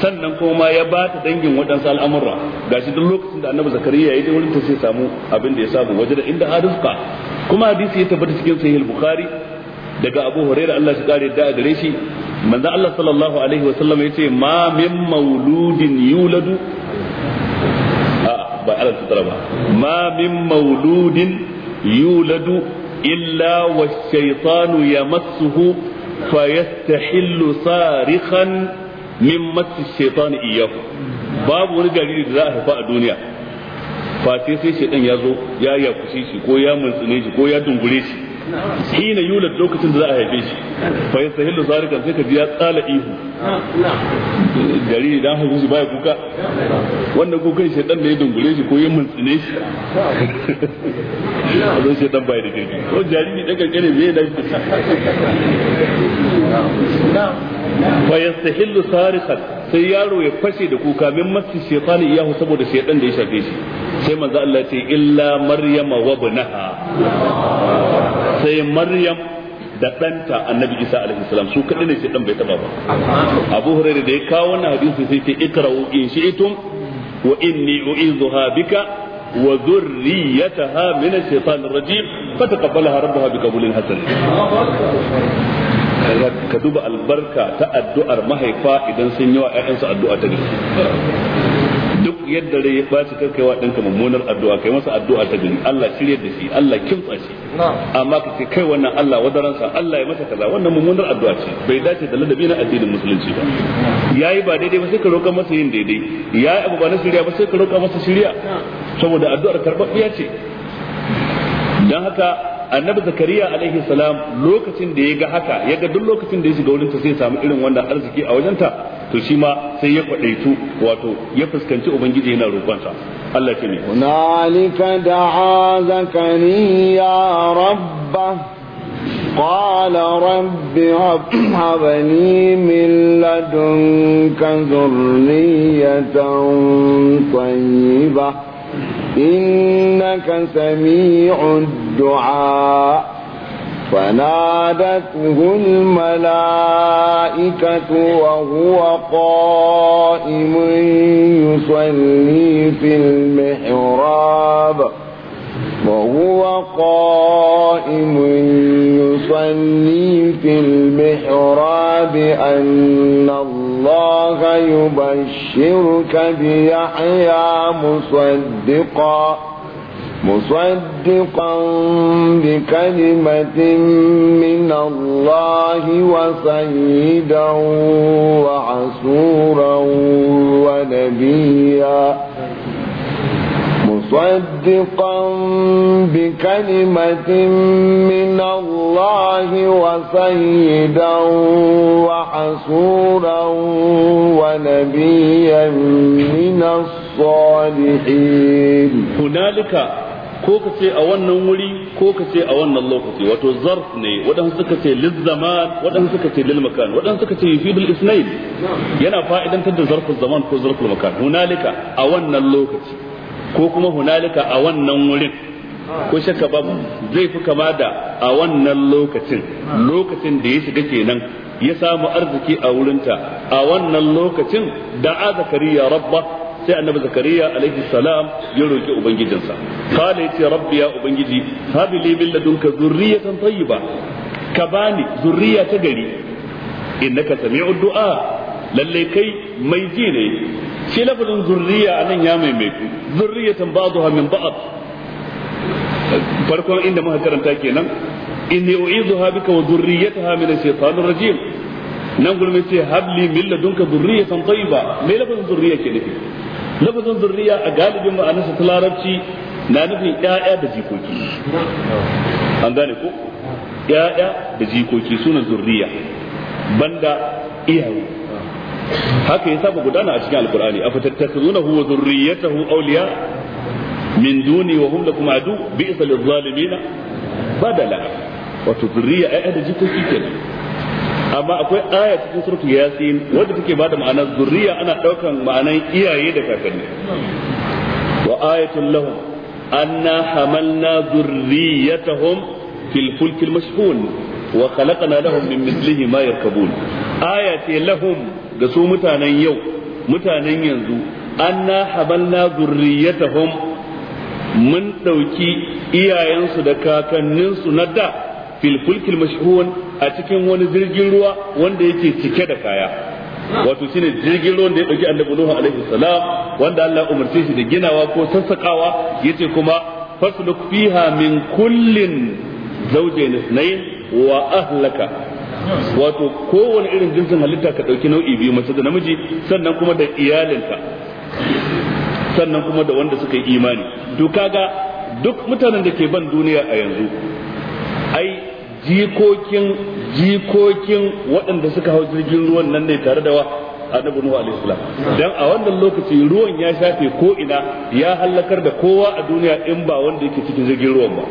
sannan kuma ya ba ta dangin waɗansu al'amura Ga gashi duk lokacin da Annabi Zakariya ya je wurin ta sai samu abin da ya samu waje da inda arzika kuma hadisi ya tabbata cikin sahih bukhari daga Abu Hurairah Allah shi kare da gare shi manzo Allah sallallahu alaihi wa sallam yace ma min mauludin yuladu a ba alal ba ma min mauludin yuladu illa wa shaytanu yamassuhu fayastahillu sarikhan min matti shaytan iyyahu babu wani jariri da za a haifa a duniya face sai ya zo ya yakushe shi ko ya muntsune shi ko ya dungure shi hina yulad lokacin da za haife shi fa yastahillu zarikan sai ka ji ya tsala ihu gari idan haka shi baya kuka wanda kukan dan da ya dungure shi ko ya muntsine shi a zan dan baya da kirki ko jariri dan kankare me da fa yastahillu sarikan sai yaro ya fashe da kuka min masu shaitani iyahu saboda dan da ya shafe shi sai manzo Allah ya ce illa maryama wa bunaha sai maryam da ɗanta annabi isa alaihi salam su kaɗai ne sai ɗan bai taɓa ba abu hurairu da ya kawo wannan hadisi sai ce ikra'u in shi'tum wa inni u'izuha bika wa dhurriyyataha min ash-shaytanir rajim fataqabbalaha rabbuha biqabulin hasan ka duba albarka ta addu'ar mahaifa idan sun yi wa 'ya'yansu addu'a ta ne yadda rai ya baci kai wa ɗanka mummunar addu'a kai masa addu'a ta gani Allah shirye da shi Allah kimtsa shi amma ka ce kai wannan Allah wadaransa Allah ya masa kaza wannan mummunar addu'a ce bai dace da ladabi na addinin musulunci ba yayi ba daidai ba sai ka roƙa masa yin daidai yayi abu ba na shirya ba sai ka roƙa masa shirya saboda addu'ar karɓaɓɓiya ce dan haka annabi zakariya alaihi salam lokacin da ya ga haka ya ga duk lokacin da ya shiga wurinta sai samu irin wannan arziki a wajenta to shi ma sai ya kwadaitu wato ya fuskanci ubangiji yana roƙonsa Allah ce ne hunalika da'a zakariya rabba قال رب هب لي من لدنك ذرية طيبة إنك سميع الدعاء فنادته الملائكة وهو قائم يصلي في المحراب وهو قائم يصلي في المحراب أن الله يبشرك بيحيى مصدقاً مصدقا بكلمة من الله وسيدا وعسورا ونبيا مصدقا بكلمة من الله وسيدا وحسورا ونبيا من الصالحين هنالك ko ka ce a wannan wuri ko ka ce a wannan lokaci wato zarf ne waɗansu suka ce lizzaman waɗansu suka ce lil makan waɗansu suka ce yufidul isnain yana fa'idantar da zarfin zaman ko zarfin makan hunalika a wannan lokaci ko kuma hunalika a wannan wurin ko shakka babu zai fi kama da a wannan lokacin lokacin da ya shiga kenan ya samu arziki a wurinta a wannan lokacin da da'a zakariya rabba sai annabi zakariya alaihi salam ya roki ubangijinsa qala yace rabbi ya ubangiji habili min ladunka zurriyatan tayyiba ka bani zurriya ta gari innaka sami'ud du'a lalle kai mai ji ne shi lafazin zurriya anan ya maimaitu zurriyatan ba'daha min ba'd farkon inda muka karanta kenan inni u'izuha bika wa dhurriyyataha min ash-shaytanir rajim nan gurin ce habli min ladunka dhurriyatan tayyiba me lafazin zurriya ke nufi lafazin zurriya a galibin ma'anarsa ta larabci na nufin ƴaƴa da jikoki an gane ko ƴaƴa da jikoki suna zurriya banda iyaye haka ya saba gudana a cikin alkur'ani a fatattasuna huwa zurriyatahu awliya min duni wa hum lakum adu bi'sa lil zalimin badala wato zurriya ƴaƴa da jikoki kenan amma akwai aya cikin surtu yasin wadda take bada ma'anar zurriya ana daukan ma'anan iyaye da kakanni wa ayatul lahum anna hamalna zurriyatahum fil al mashhun wa khalaqna lahum min mithlihi ma yarkabun ayati lahum ga su mutanen yau mutanen yanzu anna hamalna zurriyatahum mun dauki iyayensu da kakanninsu na da fil fulkil mashhun a cikin wani jirgin ruwa wanda yake cike da kaya wato shine jirgin ruwan da ya dauki annabi nuhu alaihi salam wanda Allah umarce shi da ginawa ko sassakawa yace kuma fasluk fiha min kullin zawjayn ithnayn wa ahlaka wato kowane irin jinsin halitta ka dauki nau'i biyu mace da namiji sannan kuma da iyalinka sannan kuma da wanda suka yi imani to kaga duk mutanen da ke ban duniya a yanzu jikokin jikokin waɗanda suka hau jirgin ruwan nan ne tare da wa annabi nuhu alaihi salam dan a wannan lokaci ruwan ya shafe ko ina ya halakar da kowa a duniya in ba wanda yake cikin jirgin ruwan ba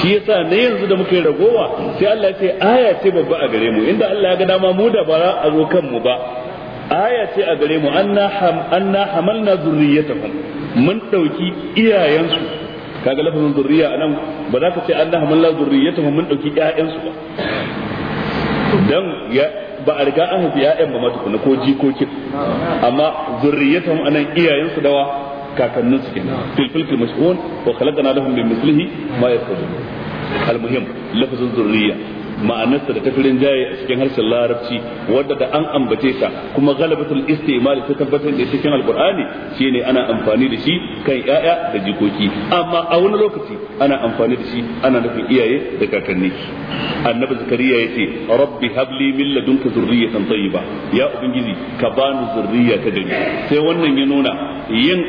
shi yasa na yanzu da yi ragowa sai Allah ya ce aya ce babba a gare mu inda Allah ya ga dama mu da bara a zo kan mu ba aya ce a gare mu anna ham anna hamalna zurriyatakum mun dauki iyayensu kaga lafazin zurriya anan ba za ka ce Allah hamalla zurriyatuhum mun dauki ƴaƴan su ba dan ya ba a riga an haifi ƴaƴan ba ma tukuna ko jikokin amma zurriyatuhum anan iyayen su dawa kakannin su kenan fil fulki mashhun wa khalaqna lahum bi mislihi ma yasjudun al muhim lafazin zurriya ma'anarsa da tafirin jaye a cikin harshen larabci wadda da an ambace ta kuma galabatul istimali ta tabbatar da cikin alqur'ani shine ana amfani da shi kan yaya da jikoki amma a wani lokaci ana amfani da shi ana nufin iyaye da kakanni annabi zakariya yace rabbi habli min ladunka zurriyatan tayyiba ya ubangiji ka bani zurriya ta gari sai wannan ya nuna yin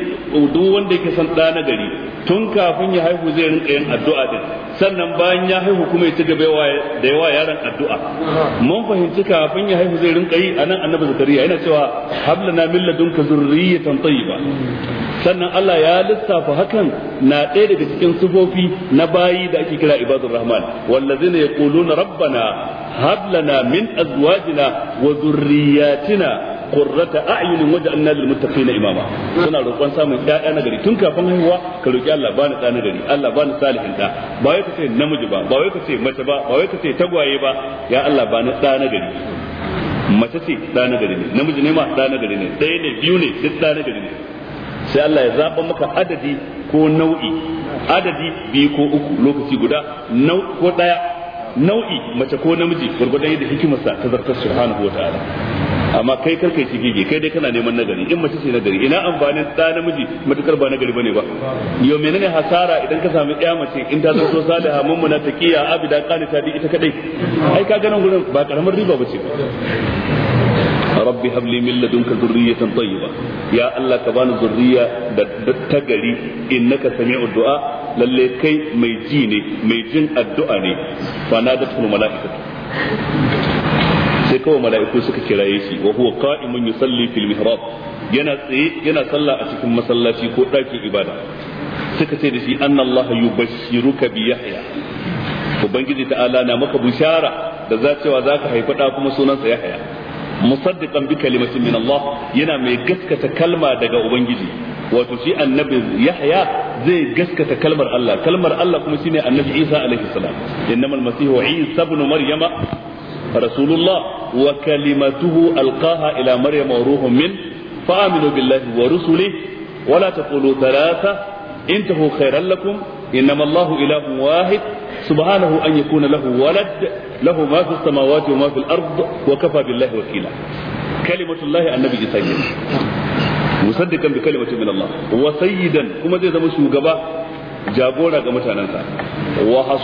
duk wanda yake san da na gari tun kafin ya haihu zai rinka yin addu'a din sannan bayan ya haihu kuma ya ci gaba da yawa wa yaron addu'a mun fahimci kafin ya haihu zai rinka yi anan annabi zakariya yana cewa hablana min ladunka zurriyatan tayyiba sannan Allah ya lissafa hakan na ɗaya daga cikin sufofi na bayi da ake kira ibadur rahman wallazina yaquluna rabbana hab lana min azwajina wa dhurriyyatina qurrata a'yunin waj'alna lil muttaqina imama suna roƙon samun ƴaƴa na gari tun kafin haihuwa ka roki Allah bani ɗa na gari Allah bani salihin ɗa ba wai ka ce namiji ba ba wai ka ce mace ba ba wai ka ce tagwaye ba ya Allah bani ɗa na gari mace ce ɗa na gari ne namiji ne ma ɗa na gari ne ɗaya ne biyu ne duk ɗa na gari ne sai Allah ya zaɓa maka adadi ko nau'i adadi biyu ko uku lokaci guda nau ko ɗaya nau'i mace ko namiji gurgurdan yadda hikimarsa ta zartar subhanahu wa ta'ala amma kai karkai ci gigi kai dai kana neman nagari in mace ce nagari ina amfanin da namiji matukar ba nagari bane ba yau menene hasara idan ka samu ƴa mace in ta zanto saliha mummuna taqiya abida qanita di ita kadai ai ka ganin gurin ba karamar riba bace rabbi habli min ladunka dhurriyatan tayyiba ya allah ka bani zurriya da tagari innaka sami'ud du'a lalle kai mai ji ne mai jin addu'a ne fa nadatul malaikatu sai kawai mala'iku suka kiraye shi wa huwa qa'imun yusalli fil mihrab yana tsaye yana sallah a cikin masallaci ko ɗakin ibada suka ce da shi annallaha yubashshiruka bi yahya ubangiji ta'ala na maka bishara da za cewa zaka haifi da kuma sunansa yahya musaddiqan bi kalimatin min Allah yana mai gaskata kalma daga ubangiji wato shi annabi Yahya zai gaskata kalmar Allah kalmar Allah kuma shine annabi Isa alaihi salam innamal masihu Isa ibn Maryama rasulullah wa kalimatuhu ila maryama wa ruhun min fa aminu billahi wa rusulihi wa la taqulu إنما الله إله واحد سبحانه أن يكون له ولد له ما في السماوات وما في الأرض وكفى بالله وكيلا كلمة الله النبي سيد مصدقا بكلمة من الله وسيدا كما ga mutanansa wa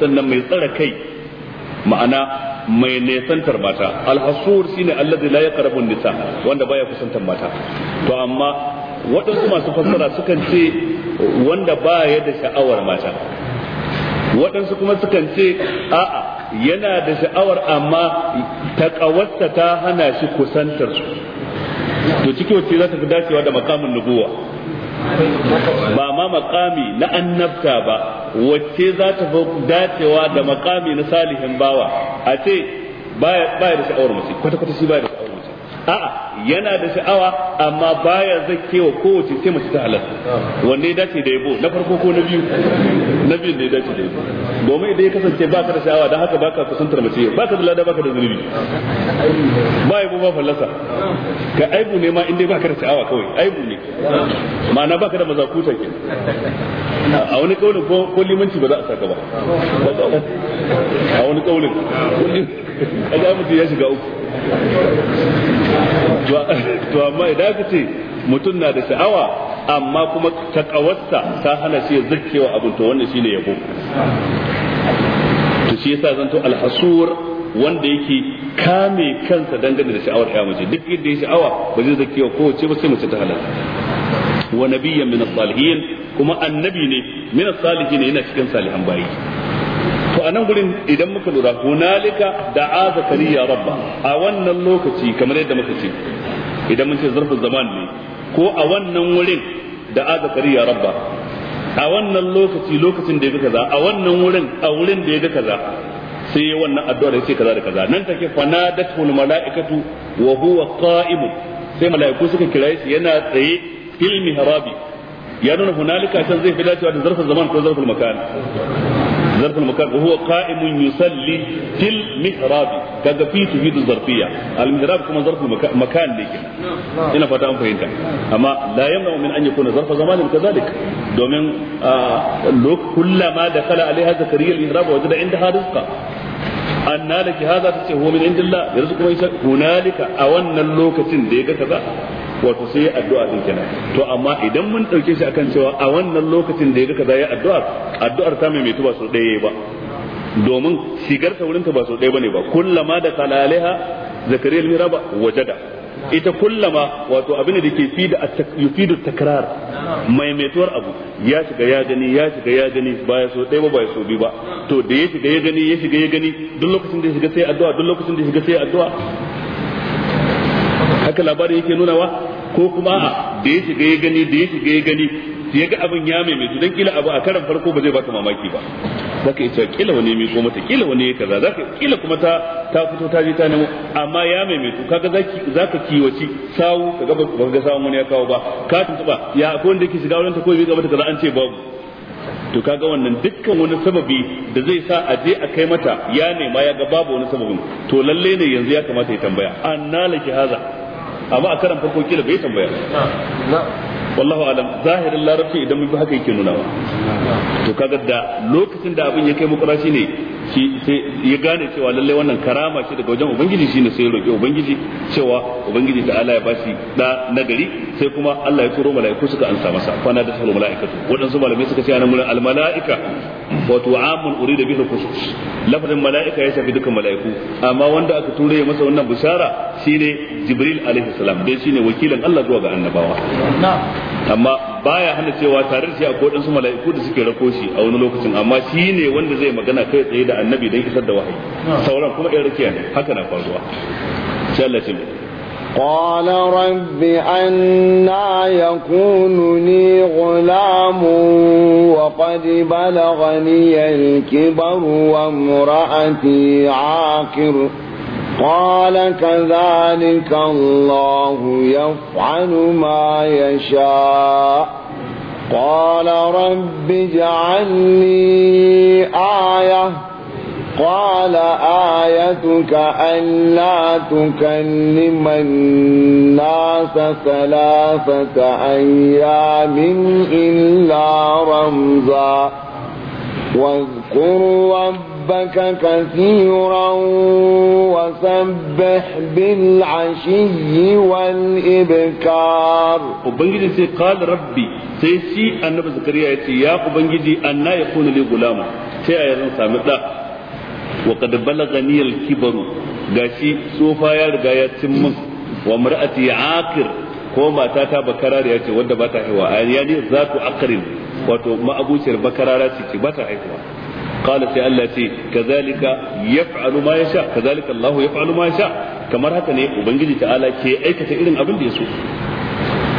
sannan mai kai ma'ana mai nesantar mata alhasur shine allazi la yaqrabu nisa wanda baya kusantar mata to amma waɗansu masu fassara sukan ce wanda baya da sha'awar mata waɗansu kuma sukan ce a'a yana da sha'awar amma ta takawarsa ta hana shi kusantar su to ciki wacce za ta fi dacewa da makamin nubuwa ba ma makami na annabta ba wacce za ta fi dacewa da makami na salihin bawa a ce baya da sha'awar masu kwata-kwata shi baya da sha'awar a'a yana da sha'awa amma baya wa kowace sai mace ta halatta wanne dace da yabo na farko ko na biyu na biyu ne dace da yabo domin idan ya kasance baka da sha'awa dan haka baka kusantar mace baka da lada baka da zunubi ba yabo ba fallasa ka aibu ne ma inda baka da sha'awa kawai aibu ne ma'ana baka da mazakuta ke a wani kaulin ko limanci ba za a saka ba a wani kaulin kaga mutum ya shiga uku to amma idan ka ce mutum na da sha'awa amma kuma ta takawarsa ta hana shi zakkewa abin to wannan shine yabo to shi yasa zanto alhasur wanda yake kame kansa dangane da sha'awar ya mace duk inda ya sha'awa ba zai zakkewa ce ba sai mace ta halal wa nabiyyan min as-salihin kuma annabi ne min as-salihin yana cikin salihan bayi a nan gurin idan muka lura hunalika da'a ya rabba a wannan lokaci kamar yadda muka ce idan mun ce zarfin zaman ne ko a wannan wurin da da'a ya rabba a wannan lokaci lokacin da ya kaza a wannan wurin a wurin da ya kaza sai wannan addu'a da yake kaza da kaza nan take fanadatul malaikatu wa huwa qa'im sai malaiku suka kira shi yana tsaye fil mihrabi ya nuna hunalika can zai fi dacewa da zarfin zaman ko zarfin makan zarful makan wa huwa qa'imun yusalli fil mihrab kaga fi tufidu zarfiyya al mihrab kuma zarful makan ne ke. ina fata an fahimta amma la yamna min an yakuna zarfa zamanin kazalik domin kullama dakala alaiha zakariya al mihrab wajada indaha rizqa anna laki hadha tace huwa min indillah yarzuqu man yasha hunalika a wannan lokacin da ya ga kaza wato sai ya addu'a din kenan to amma idan mun dauke shi akan cewa a wannan lokacin da ya kaza ya addu'a addu'ar ta mai ba so ɗaya ba domin shigar ta wurin ta ba so ɗaya bane ba kullama da kalaliha zakariya al-miraba wajada ita kullama wato abin da ke fi da yufidu takrar maimaituwar abu ya shiga ya gani ya shiga ya gani ba ya so ɗaya ba ba ya so biyu ba to da ya shiga ya gani ya shiga ya gani duk lokacin da ya shiga sai addu'a duk lokacin da ya shiga sai addu'a haka labari yake nunawa ko kuma a da ya shiga ya gani da ya shiga ya gani ya ga abin ya mai dan kila abu a karan farko ba zai baka mamaki ba zaka yi cewa kila wani miko mata kila wani kaza zaka kila kuma ta ta fito ta je ta nemo amma ya maimaitu kaga zaki zaka kiwaci sawu kaga ba ga sawun wani ya kawo ba ka ba ya akwai wanda yake shiga wurin ta ko bai gaba ta kaza an ce babu to kaga wannan dukkan wani sababi da zai sa a je a kai mata ya nema ya ga babu wani sababin to lalle ne yanzu ya kamata ya tambaya anna laki haza amma a karan farko kila bai tambaya wallahu alam zahirin larabci idan mun bi haka yake nuna to kaga da lokacin da abin ya kai makura ne shi ya gane cewa lalle wannan karama ce daga wajen ubangiji shine sai ya roki ubangiji cewa ubangiji ta Allah ya bashi da nagari sai kuma Allah ya turo mala'iku suka ansa masa fa da sul mala'ikatu wadansu malamai suka ce anan mun al mala'ika wato amul urida bihi khusus lafazin mala'ika ya shafi dukkan mala'iku amma wanda aka ture masa wannan bishara shine jibril alaihi salam dai shine wakilin Allah zuwa ga annabawa amma baya hana cewa tare da shi akwai wadansu mala'iku da suke rako shi a wani lokacin amma shine wanda zai magana kai tsaye da annabi dan isar da wahayi sauran kuma ɗaya rakiya ne haka na faruwa sai Allah ce قال رب أنا يكون لي غلام وقد بلغني الكبر وامرأتي عاقر قال كذلك الله يفعل ما يشاء قال رب اجعل لي آية قال آيتك ألا تكلم الناس ثلاثة أيام إلا رمزا واذكر ربك كثيرا وسبح بالعشي والإبكار وبنجي قال ربي سيسي النبي زكريا يا أبنجي أن يكون لي غلام سيأيضا سامدا wa qad balagani al-kibaru gashi tsofa ya riga ya cin min wa mar'ati aqir ko mata ta bakarara ya ce wanda ba ta haihuwa yani zatu akarin wato ma'abuciyar bakarara ce ba ta haihuwa qala sai Allah ce kazalika yaf'alu ma yasha kazalika Allah yaf'alu ma yasha kamar haka ne ubangiji ta'ala ke aikata irin abin da ya so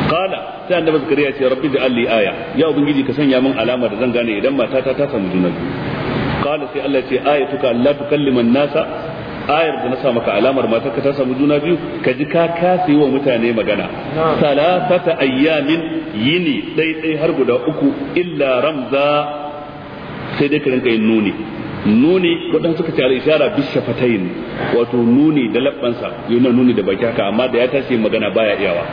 qala sai annabi zakariya ce rabbi da alli aya ya ubangiji ka sanya min alama da zan gane idan matata ta samu juna biyu qala sai Allah ce ayatuka la tukallima nasa ayar da na sa maka alamar matar ka ta samu juna biyu ka ji ka kasa yi wa mutane magana salasata ayyamin yini ɗaiɗai har guda uku illa ramza sai dai ka rinka yin nuni nuni wadan suka tare al-ishara wato nuni da labbansa yana nuni da baki haka amma da ya tashi magana baya iyawa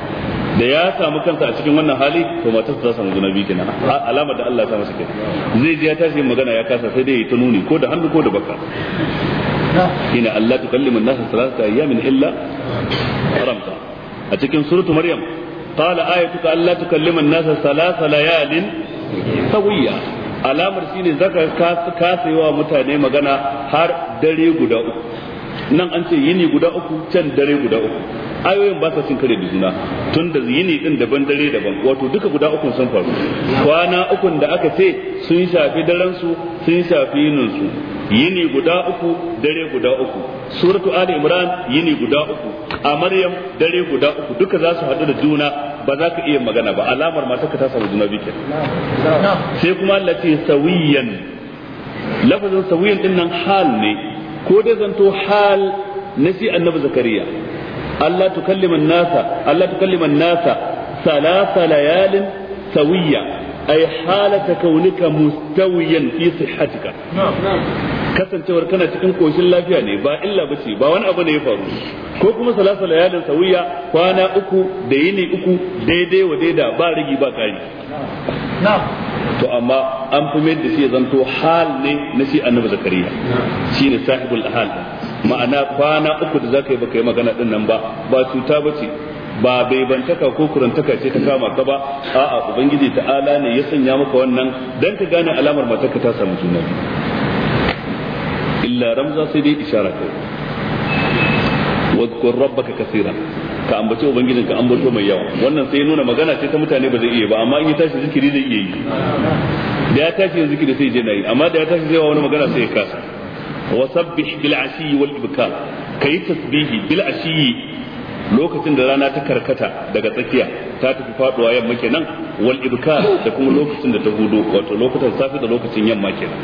da ya samu kansa a cikin wannan hali to matar za samu zuna biki na alama da Allah ya sa masa zai ji ya tashi magana ya kasa sai dai ta nuni ko da hannu ko da baka ina Allah tukallimu an-nas salata ayyamin illa haramta a cikin suratu maryam qala ayatuka alla tukallima an-nas salasa layalin sawiya alamar shine zaka ka wa mutane magana har dare guda uku nan an ce yini guda uku can dare guda uku ayoyin ba sa cin kare da juna tun da yini din daban dare daban wato duka guda uku sun faru kwana uku da aka ce sun shafi daren su sun shafi yinin su yini guda uku dare guda uku suratu ali imran yini guda uku a dare guda uku duka za su haɗu da juna ba za ka iya magana ba alamar matar ka ta samu juna biyu sai kuma Allah sawiyan lafazin sawiyan din nan hal ne ko dai zanto hal na shi annabi zakariya Allah tukallima nasa Allah tukallima nasa salasa layalin sawiya ay halata kaunika mustawiyan fi sihhatika kasancewar kana cikin koshin lafiya ne ba illa ba ce ba wani abu ne ya faru ko kuma salasa layalin sawiya kwana uku da yini uku daidai wa daida ba rigi ba kari to amma an fi mai da shi zanto hal ne na shi annabi zakariya shine sahibul hal ma'ana kwana uku da zaka yi baka yi magana din nan ba ba cuta ba ce ba bai bantaka ko kurantaka ce ta kama ka ba a'a ubangiji ta'ala ne ya sanya maka wannan dan ka gane alamar matarka ta samu juna illa ramza sai dai ishara kawai wadkur rabbaka kaseera ka ambaci ubangijin ka ambato mai yawa wannan sai nuna magana ce ta mutane ba zai iya ba amma in ya tashi zikiri zai iya yi da ya tashi yanzu zikiri sai je na yi amma da ya tashi zai wa wani magana sai ya kasa wa sabbih bil ashi wal ibkar kai tasbihi bil ashi lokacin da rana ta karkata daga tsakiya ta tafi faduwa yamma kenan wal ibkar da kuma lokacin da ta hudu wato lokutan safi da lokacin yamma kenan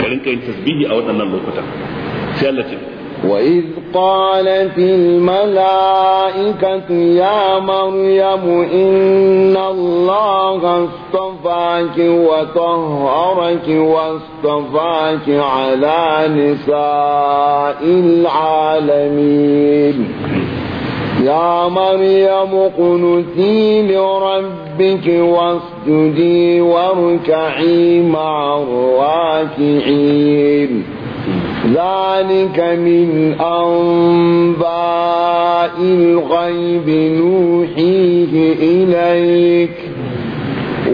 ka rinka yin tasbihi a waɗannan lokutan sai Allah ce وإذ قالت الملائكة يا مريم إن الله اصطفاك وطهرك واصطفاك على نساء العالمين يا مريم اقنتي لربك واسجدي واركعي مع الراكعين ذلك من أنباء الغيب نوحيه إليك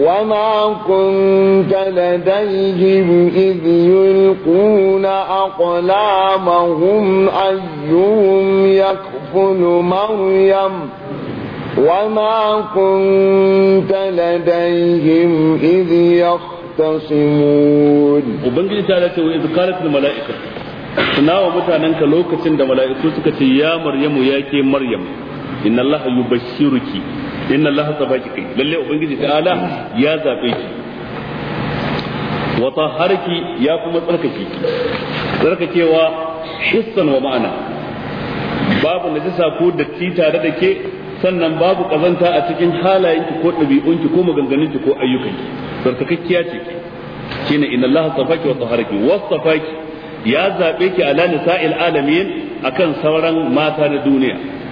وما كنت لديهم إذ يلقون أقلامهم أيهم يكفل مريم وما كنت لديهم إذ يختصمون وبنجل تعالى وإذ قالت الملائكة tunawa mutanenka لوكة da mala'iku suka يا مريم maryamu ya ke maryam inna allaha inna ta baki kai lalle ubangiji ta'ala ya zabe ki wa tahharaki ya kuma tsarkake ki tsarkakewa hissan wa ma'ana babu najasa ko datti tare da ke sannan babu kazanta a cikin halayenki ko ɗabi'unki ko maganganunki ko ayyukanki tsarkakakkiya ce ki shine inna allaha tsafaki wa tahharaki wa tsafaki ya zabe ki ala nisa'il alamin akan sauran mata na duniya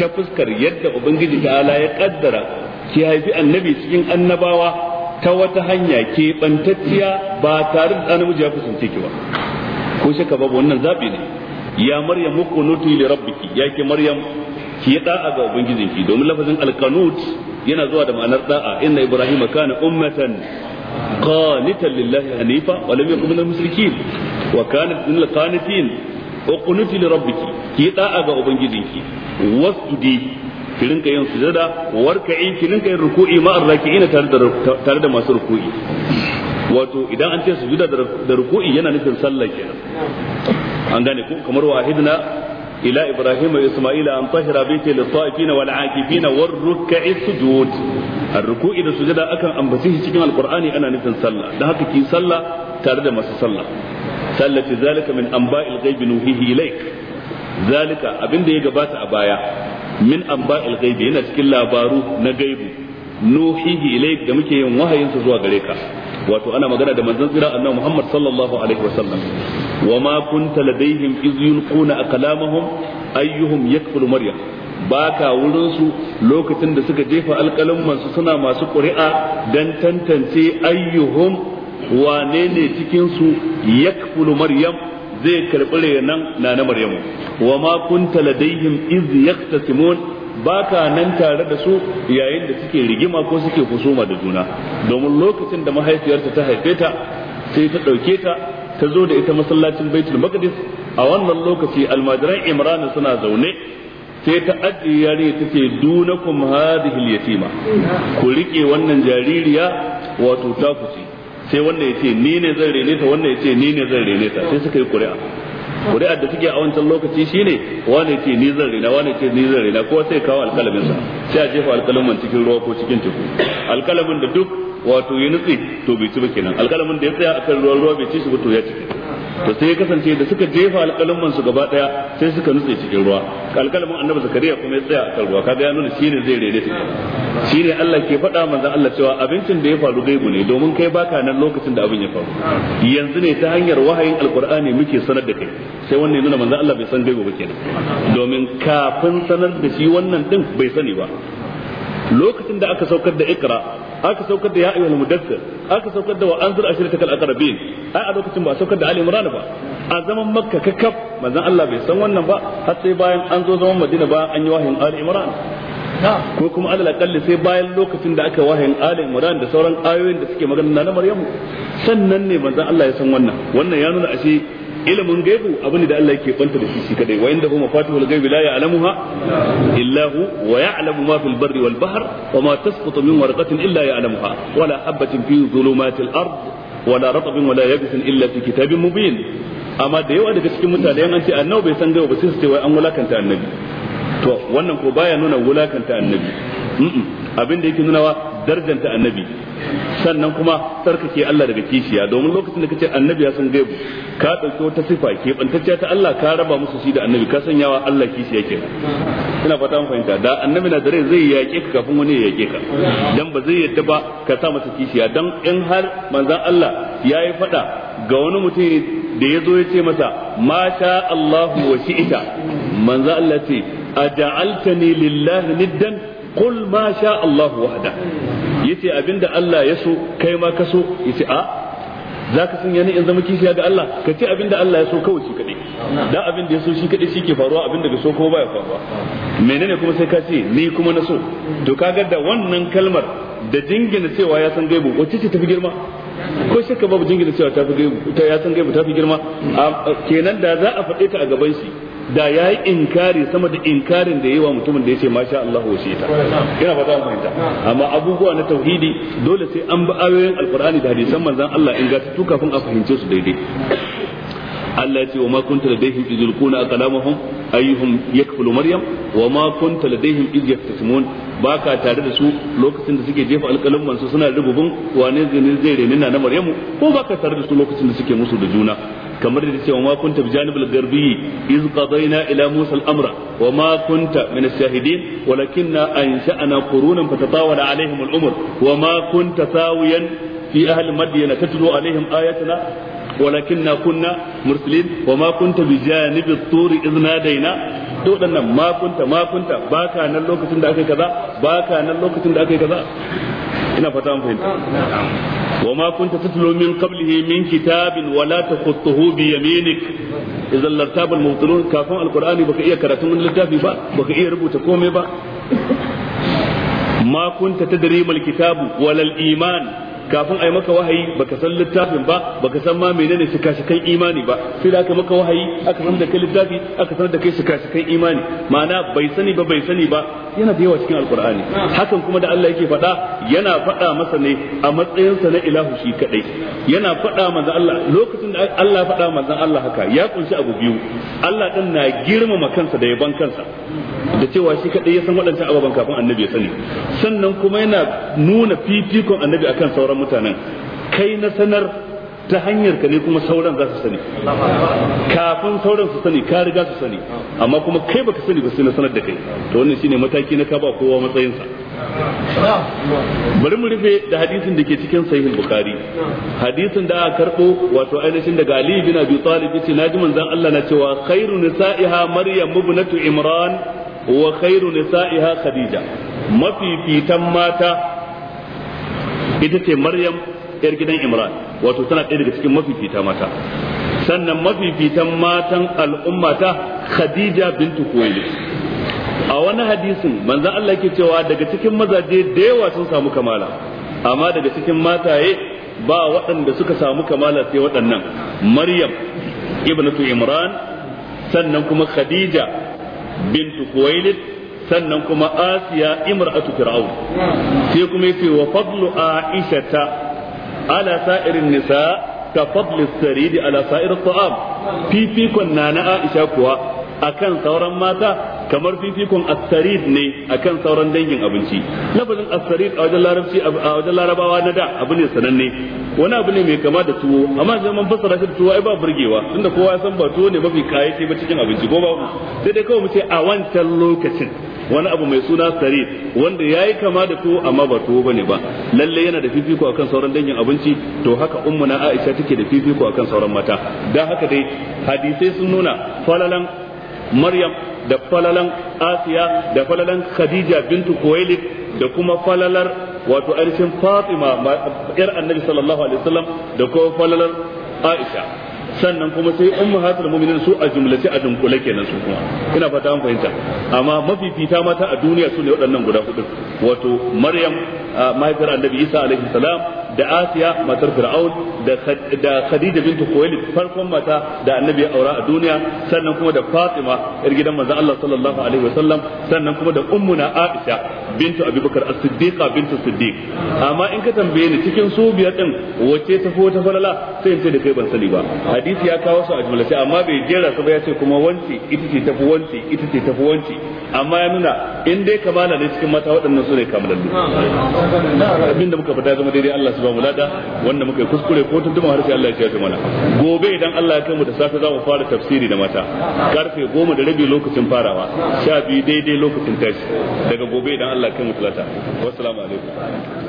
ta fuskar yadda ubangiji ta'ala ya kaddara ki haifi annabi cikin annabawa ta wata hanya ke bantacciya ba tare da namiji ya kusance ki ba ko shaka babu wannan zabi ne ya maryam mukunuti li rabbiki ya ke maryam ki yi da'a ga ki domin lafazin alqanut yana zuwa da ma'anar da'a inna ibrahima kana ummatan qanitan lillahi hanifa wa lam yakun minal musrikin wa kana minal qanitin uqnuti li rabbiki ki da'a ga ubangijinki wasjudi ki rinka yin sujada warka'i ki rinka yin ruku'i ma arraki'ina tare da tare da masu ruku'i wato idan an ce sujuda da ruku'i yana nufin sallah kenan an gane ko kamar wahidna ila ibrahim wa isma'ila an tahira baiti lit ta'ifina wal 'akifina war ruk'i sujud ar-ruku'i da sujada akan ambace shi cikin alqur'ani ana nufin sallah dan haka ki sallah tare da masu sallah sallati zalika min anba'il ghaibi nuhihi ilaik zalika abinda ya gabata a baya min anba'il ghaibi yana cikin labaru na gaibu nuhihi ilaik da muke yin wahayin su zuwa gare ka wato ana magana da manzon tsira annabi Muhammad sallallahu alaihi wasallam wama kunta ladaihim iz yulquna aqlamahum ayyuhum yakfulu maryam baka wurin su lokacin da suka jefa alƙalin su suna masu ƙuri'a dan tantance ayyuhum wane ne cikin su yakfulu maryam zai karɓi renan na na maryam wa ma kunta ladaihim iz yaktasimun baka nan tare da su yayin da suke rigima ko suke kusuma da juna domin lokacin da mahaifiyarta ta haife ta sai ta dauke ta ta zo da ita masallacin baitul maqdis a wannan lokaci almajiran imran suna zaune sai ta ajiye yare ta ce dunakum hadhihi yatima ku rike wannan jaririya wato ta kuce sai wanda ya ce ni ne zan rene ta wanda ya ce ni ne zan rene ta sai suka yi ƙuri'a ƙuri'a da suke a wancan lokaci shine wane ce ni zan rena wane ce ni zan rena ko sai kawo alƙalamin sa sai a jefa alƙalamin cikin ruwa ko cikin teku alƙalamin da duk wato ya nutse to bai ci ba kenan alƙalamin da ya tsaya akan ruwa ruwa bai ci shi ba to ya ci to sai ya kasance da suka jefa alƙalaman su gaba daya sai suka nutse cikin ruwa alƙalamin annabi zakariya kuma ya tsaya a kan ruwa kaga ya nuna shine zai rere shi shine Allah ke faɗa manzon Allah cewa abincin da ya faru gaibu ne domin kai baka nan lokacin da abin ya faru yanzu ne ta hanyar wahayin alqur'ani muke sanar da kai sai wannan nuna manzon Allah bai san gaibu ba kenan domin kafin sanar da shi wannan din bai sani ba lokacin da aka saukar da ikra aka saukar da ya mudaththir aka saukar da wa anzur ashiratakal aqrabin ai a lokacin ba saukar da ali imran ba a zaman makka kakaf manzon Allah bai san wannan ba har sai bayan an zo zaman madina ba an yi wahayin ali imran ko kuma alal sai bayan lokacin da aka wahayin ali imran da sauran ayoyin da suke magana na maryamu sannan ne manzon Allah ya san wannan wannan ya nuna ashe ilimin gaibu abin da Allah yake banta da shi shi kadai wa indahu mafatihul ghaibi la ya'lamuha illa hu wa ya'lamu ma fil barri wal bahr wa ma tasqutu min warqatin illa ya'lamuha wala habatin fi dhulumatil ard wala ratabin wala yabisin illa fi kitabin mubin amma da yawa daga cikin mutane an ce annabi bai san gaibu ba sai su ce wai an wulakanta annabi to wannan ko baya nuna wulakanta annabi abin da yake nunawa darjanta annabi sannan kuma tsarkake Allah daga kishiya domin lokacin da kace annabi ya san gaibu ka dauki wata sifa ke bantacciya ta Allah ka raba musu shi da annabi ka sanyawa Allah kishiya ke ina fata mun fahimta da annabi na dare zai yake ka kafin wani ya yake ka dan ba zai yadda ba ka sa masa kishiya dan in har manzon Allah yayi fada ga wani mutum da ya zo ya ce masa ma sha Allahu wa shi'ita manzon Allah ce aja'altani lillahi niddan qul ma sha Allah wahda yace abinda Allah ya so kai ma ka so yace a zaka sanya ni in zama kishiya ga Allah ka ce abinda Allah ya so kawai shi kadai dan abinda ya so shi kadai shi ke faruwa abinda ga so ko baya faruwa menene kuma sai ka ce ni kuma na so to kaga da wannan kalmar da jingina cewa ya san gaibu wacce ce tafi girma ko shakka babu jingina cewa ta ya san gaibu ta fi girma kenan da za a faɗe ta a gaban shi da ya yi inkari sama da inkarin da yi wa mutumin da ya ce masha Allah wa shi ta yana ba za mu fahimta amma abubuwa na tauhidi dole sai an bi ayoyin alkur'ani da hadisan manzon Allah in ga tuka kafin a fahimce su daidai Allah ya ce wa ma kunta ladaihim iz yulquna aqlamahum ayyuhum yakfulu maryam wa ma kunta ladaihim iz yaftasimun baka tare da su lokacin da suke jefa alƙalin su suna rububin wane zai reni na maryamu ko baka tare da su lokacin da suke musu da juna kamar da cewa ma kunta bi garbi iz qadayna ila musa al-amra wa ma kunta min ash-shahidin walakinna ansha'na qurunan fatatawala alaihim al-umr wa ma kunta sawiyan fi ahli tatlu alaihim to ma kunta ma kunta nan lokacin da kaza nan lokacin da kaza ina fata fahimta وما كنت تتلو من قبله من كتاب ولا تخطه بيمينك إذا لارتاب المبطلون كافون القرآن بك إيا كراتون من لتافي با بك إيا ربو تكومي با ما كنت تدري ما الكتاب ولا الإيمان kafin ai maka wahayi baka san littafin ba baka san ma menene shikashikan imani ba sai da aka maka wahayi aka san da kai littafi aka san da kai shikashikan imani ma'ana bai sani ba bai sani ba yana da yawa cikin alqur'ani hakan kuma da Allah yake faɗa yana faɗa masa ne a matsayinsa na ilahu shi kadai yana faɗa manzon Allah lokacin da Allah faɗa manzon Allah haka ya kunshi abu biyu Allah din na girmama kansa da yaban kansa da cewa shi kadai ya san waɗancan ababen kafin annabi ya sani sannan kuma yana nuna fifikon annabi akan sauran mutanen kai na sanar ta hanyar ka ne kuma sauran za su sani kafin sauran su sani ka riga su sani amma kuma kai baka sani ba sai na sanar da kai to wannan shine mataki na ka ba kowa matsayinsa bari mu rufe da hadisin da ke cikin sahih bukhari hadisin da aka karbo wato ainihin daga ali bin abi talib yace naji manzon Allah na cewa khairu nisaiha maryam ibnatu imran wa khairu nisaiha khadija mafifitan mata ita ce maryam yar gidan imran wato tana ɗaya daga cikin mafifita mata sannan mafifitan matan al'ummata khadija bintu kuwailis a wani hadisin manzan Allah ke cewa daga cikin mazaje da yawa sun samu kamala amma daga cikin mataye ba waɗanda suka samu kamala sai waɗannan maryam ibnatu imran sannan kuma khadija bintu kuwailis sannan kuma asiya imra'atu fir'aun sai kuma yace wa fadlu aisha ta ala sa'irin nisa ka fadli sarid ala sa'ir ta'am fifikon na aisha kuwa akan sauran mata kamar fifikon asarid ne akan sauran dangin abinci lafazin asarid a wajen larabci a wajen larabawa na da abu ne sananne wani abu ne mai kama da tuwo amma sai man fassara shi da tuwo ai ba burgewa tunda kowa ya san ba tuwo ne mafi kayace ba cikin abinci ko ba sai dai kawai mu ce a wancan lokacin wani abu mai suna sare wanda yayi kama da tuwo amma ba tuwo ne ba lalle yana da fifiko akan sauran dangin abinci to haka ummuna Aisha take da fifiko akan sauran mata da haka dai hadisai sun nuna falalan Maryam da falalan Asiya da falalan Khadija bintu Khuwailid da kuma falalar wato ainihin Fatima yar Annabi sallallahu alaihi wasallam da kuma falalar Aisha sannan kuma sai ummahatul mu'minin su a jumlace a dunkule kenan su kuma ina fata an fahimta amma mafifita mata a duniya su ne waɗannan guda hudu wato maryam ah, mahaifiyar annabi isa alaihi salam da Asiya matar Fir'aun da Khadija bintu Khuwailid farkon mata da Annabi aura a duniya sannan kuma da Fatima yar gidan manzon Allah sallallahu alaihi wasallam sannan kuma da ummuna Aisha bintu Abubakar As-Siddiqa bintu Siddiq amma in ka tambaye ni cikin su biyar din wacce ta fo ta falala sai in ce da kai ban sani ba hadisi ya kawo su a jumlace amma bai jera su ba ya ce kuma wance ita ce tafi wance ita ce tafi wance amma ya nuna in dai kamala ne cikin mata waɗannan su ne kamalallu abinda muka fada zama daidai Allah subhanahu ba mu lada wanda muka yi kuskure ko tuntuma har sai Allah ya ce mana gobe idan Allah ya kai mu da safe za mu fara tafsiri da mata karfe goma da rabi lokacin farawa sha biyu daidai lokacin tashi daga gobe idan Allah ya kai mu talata wassalamu alaikum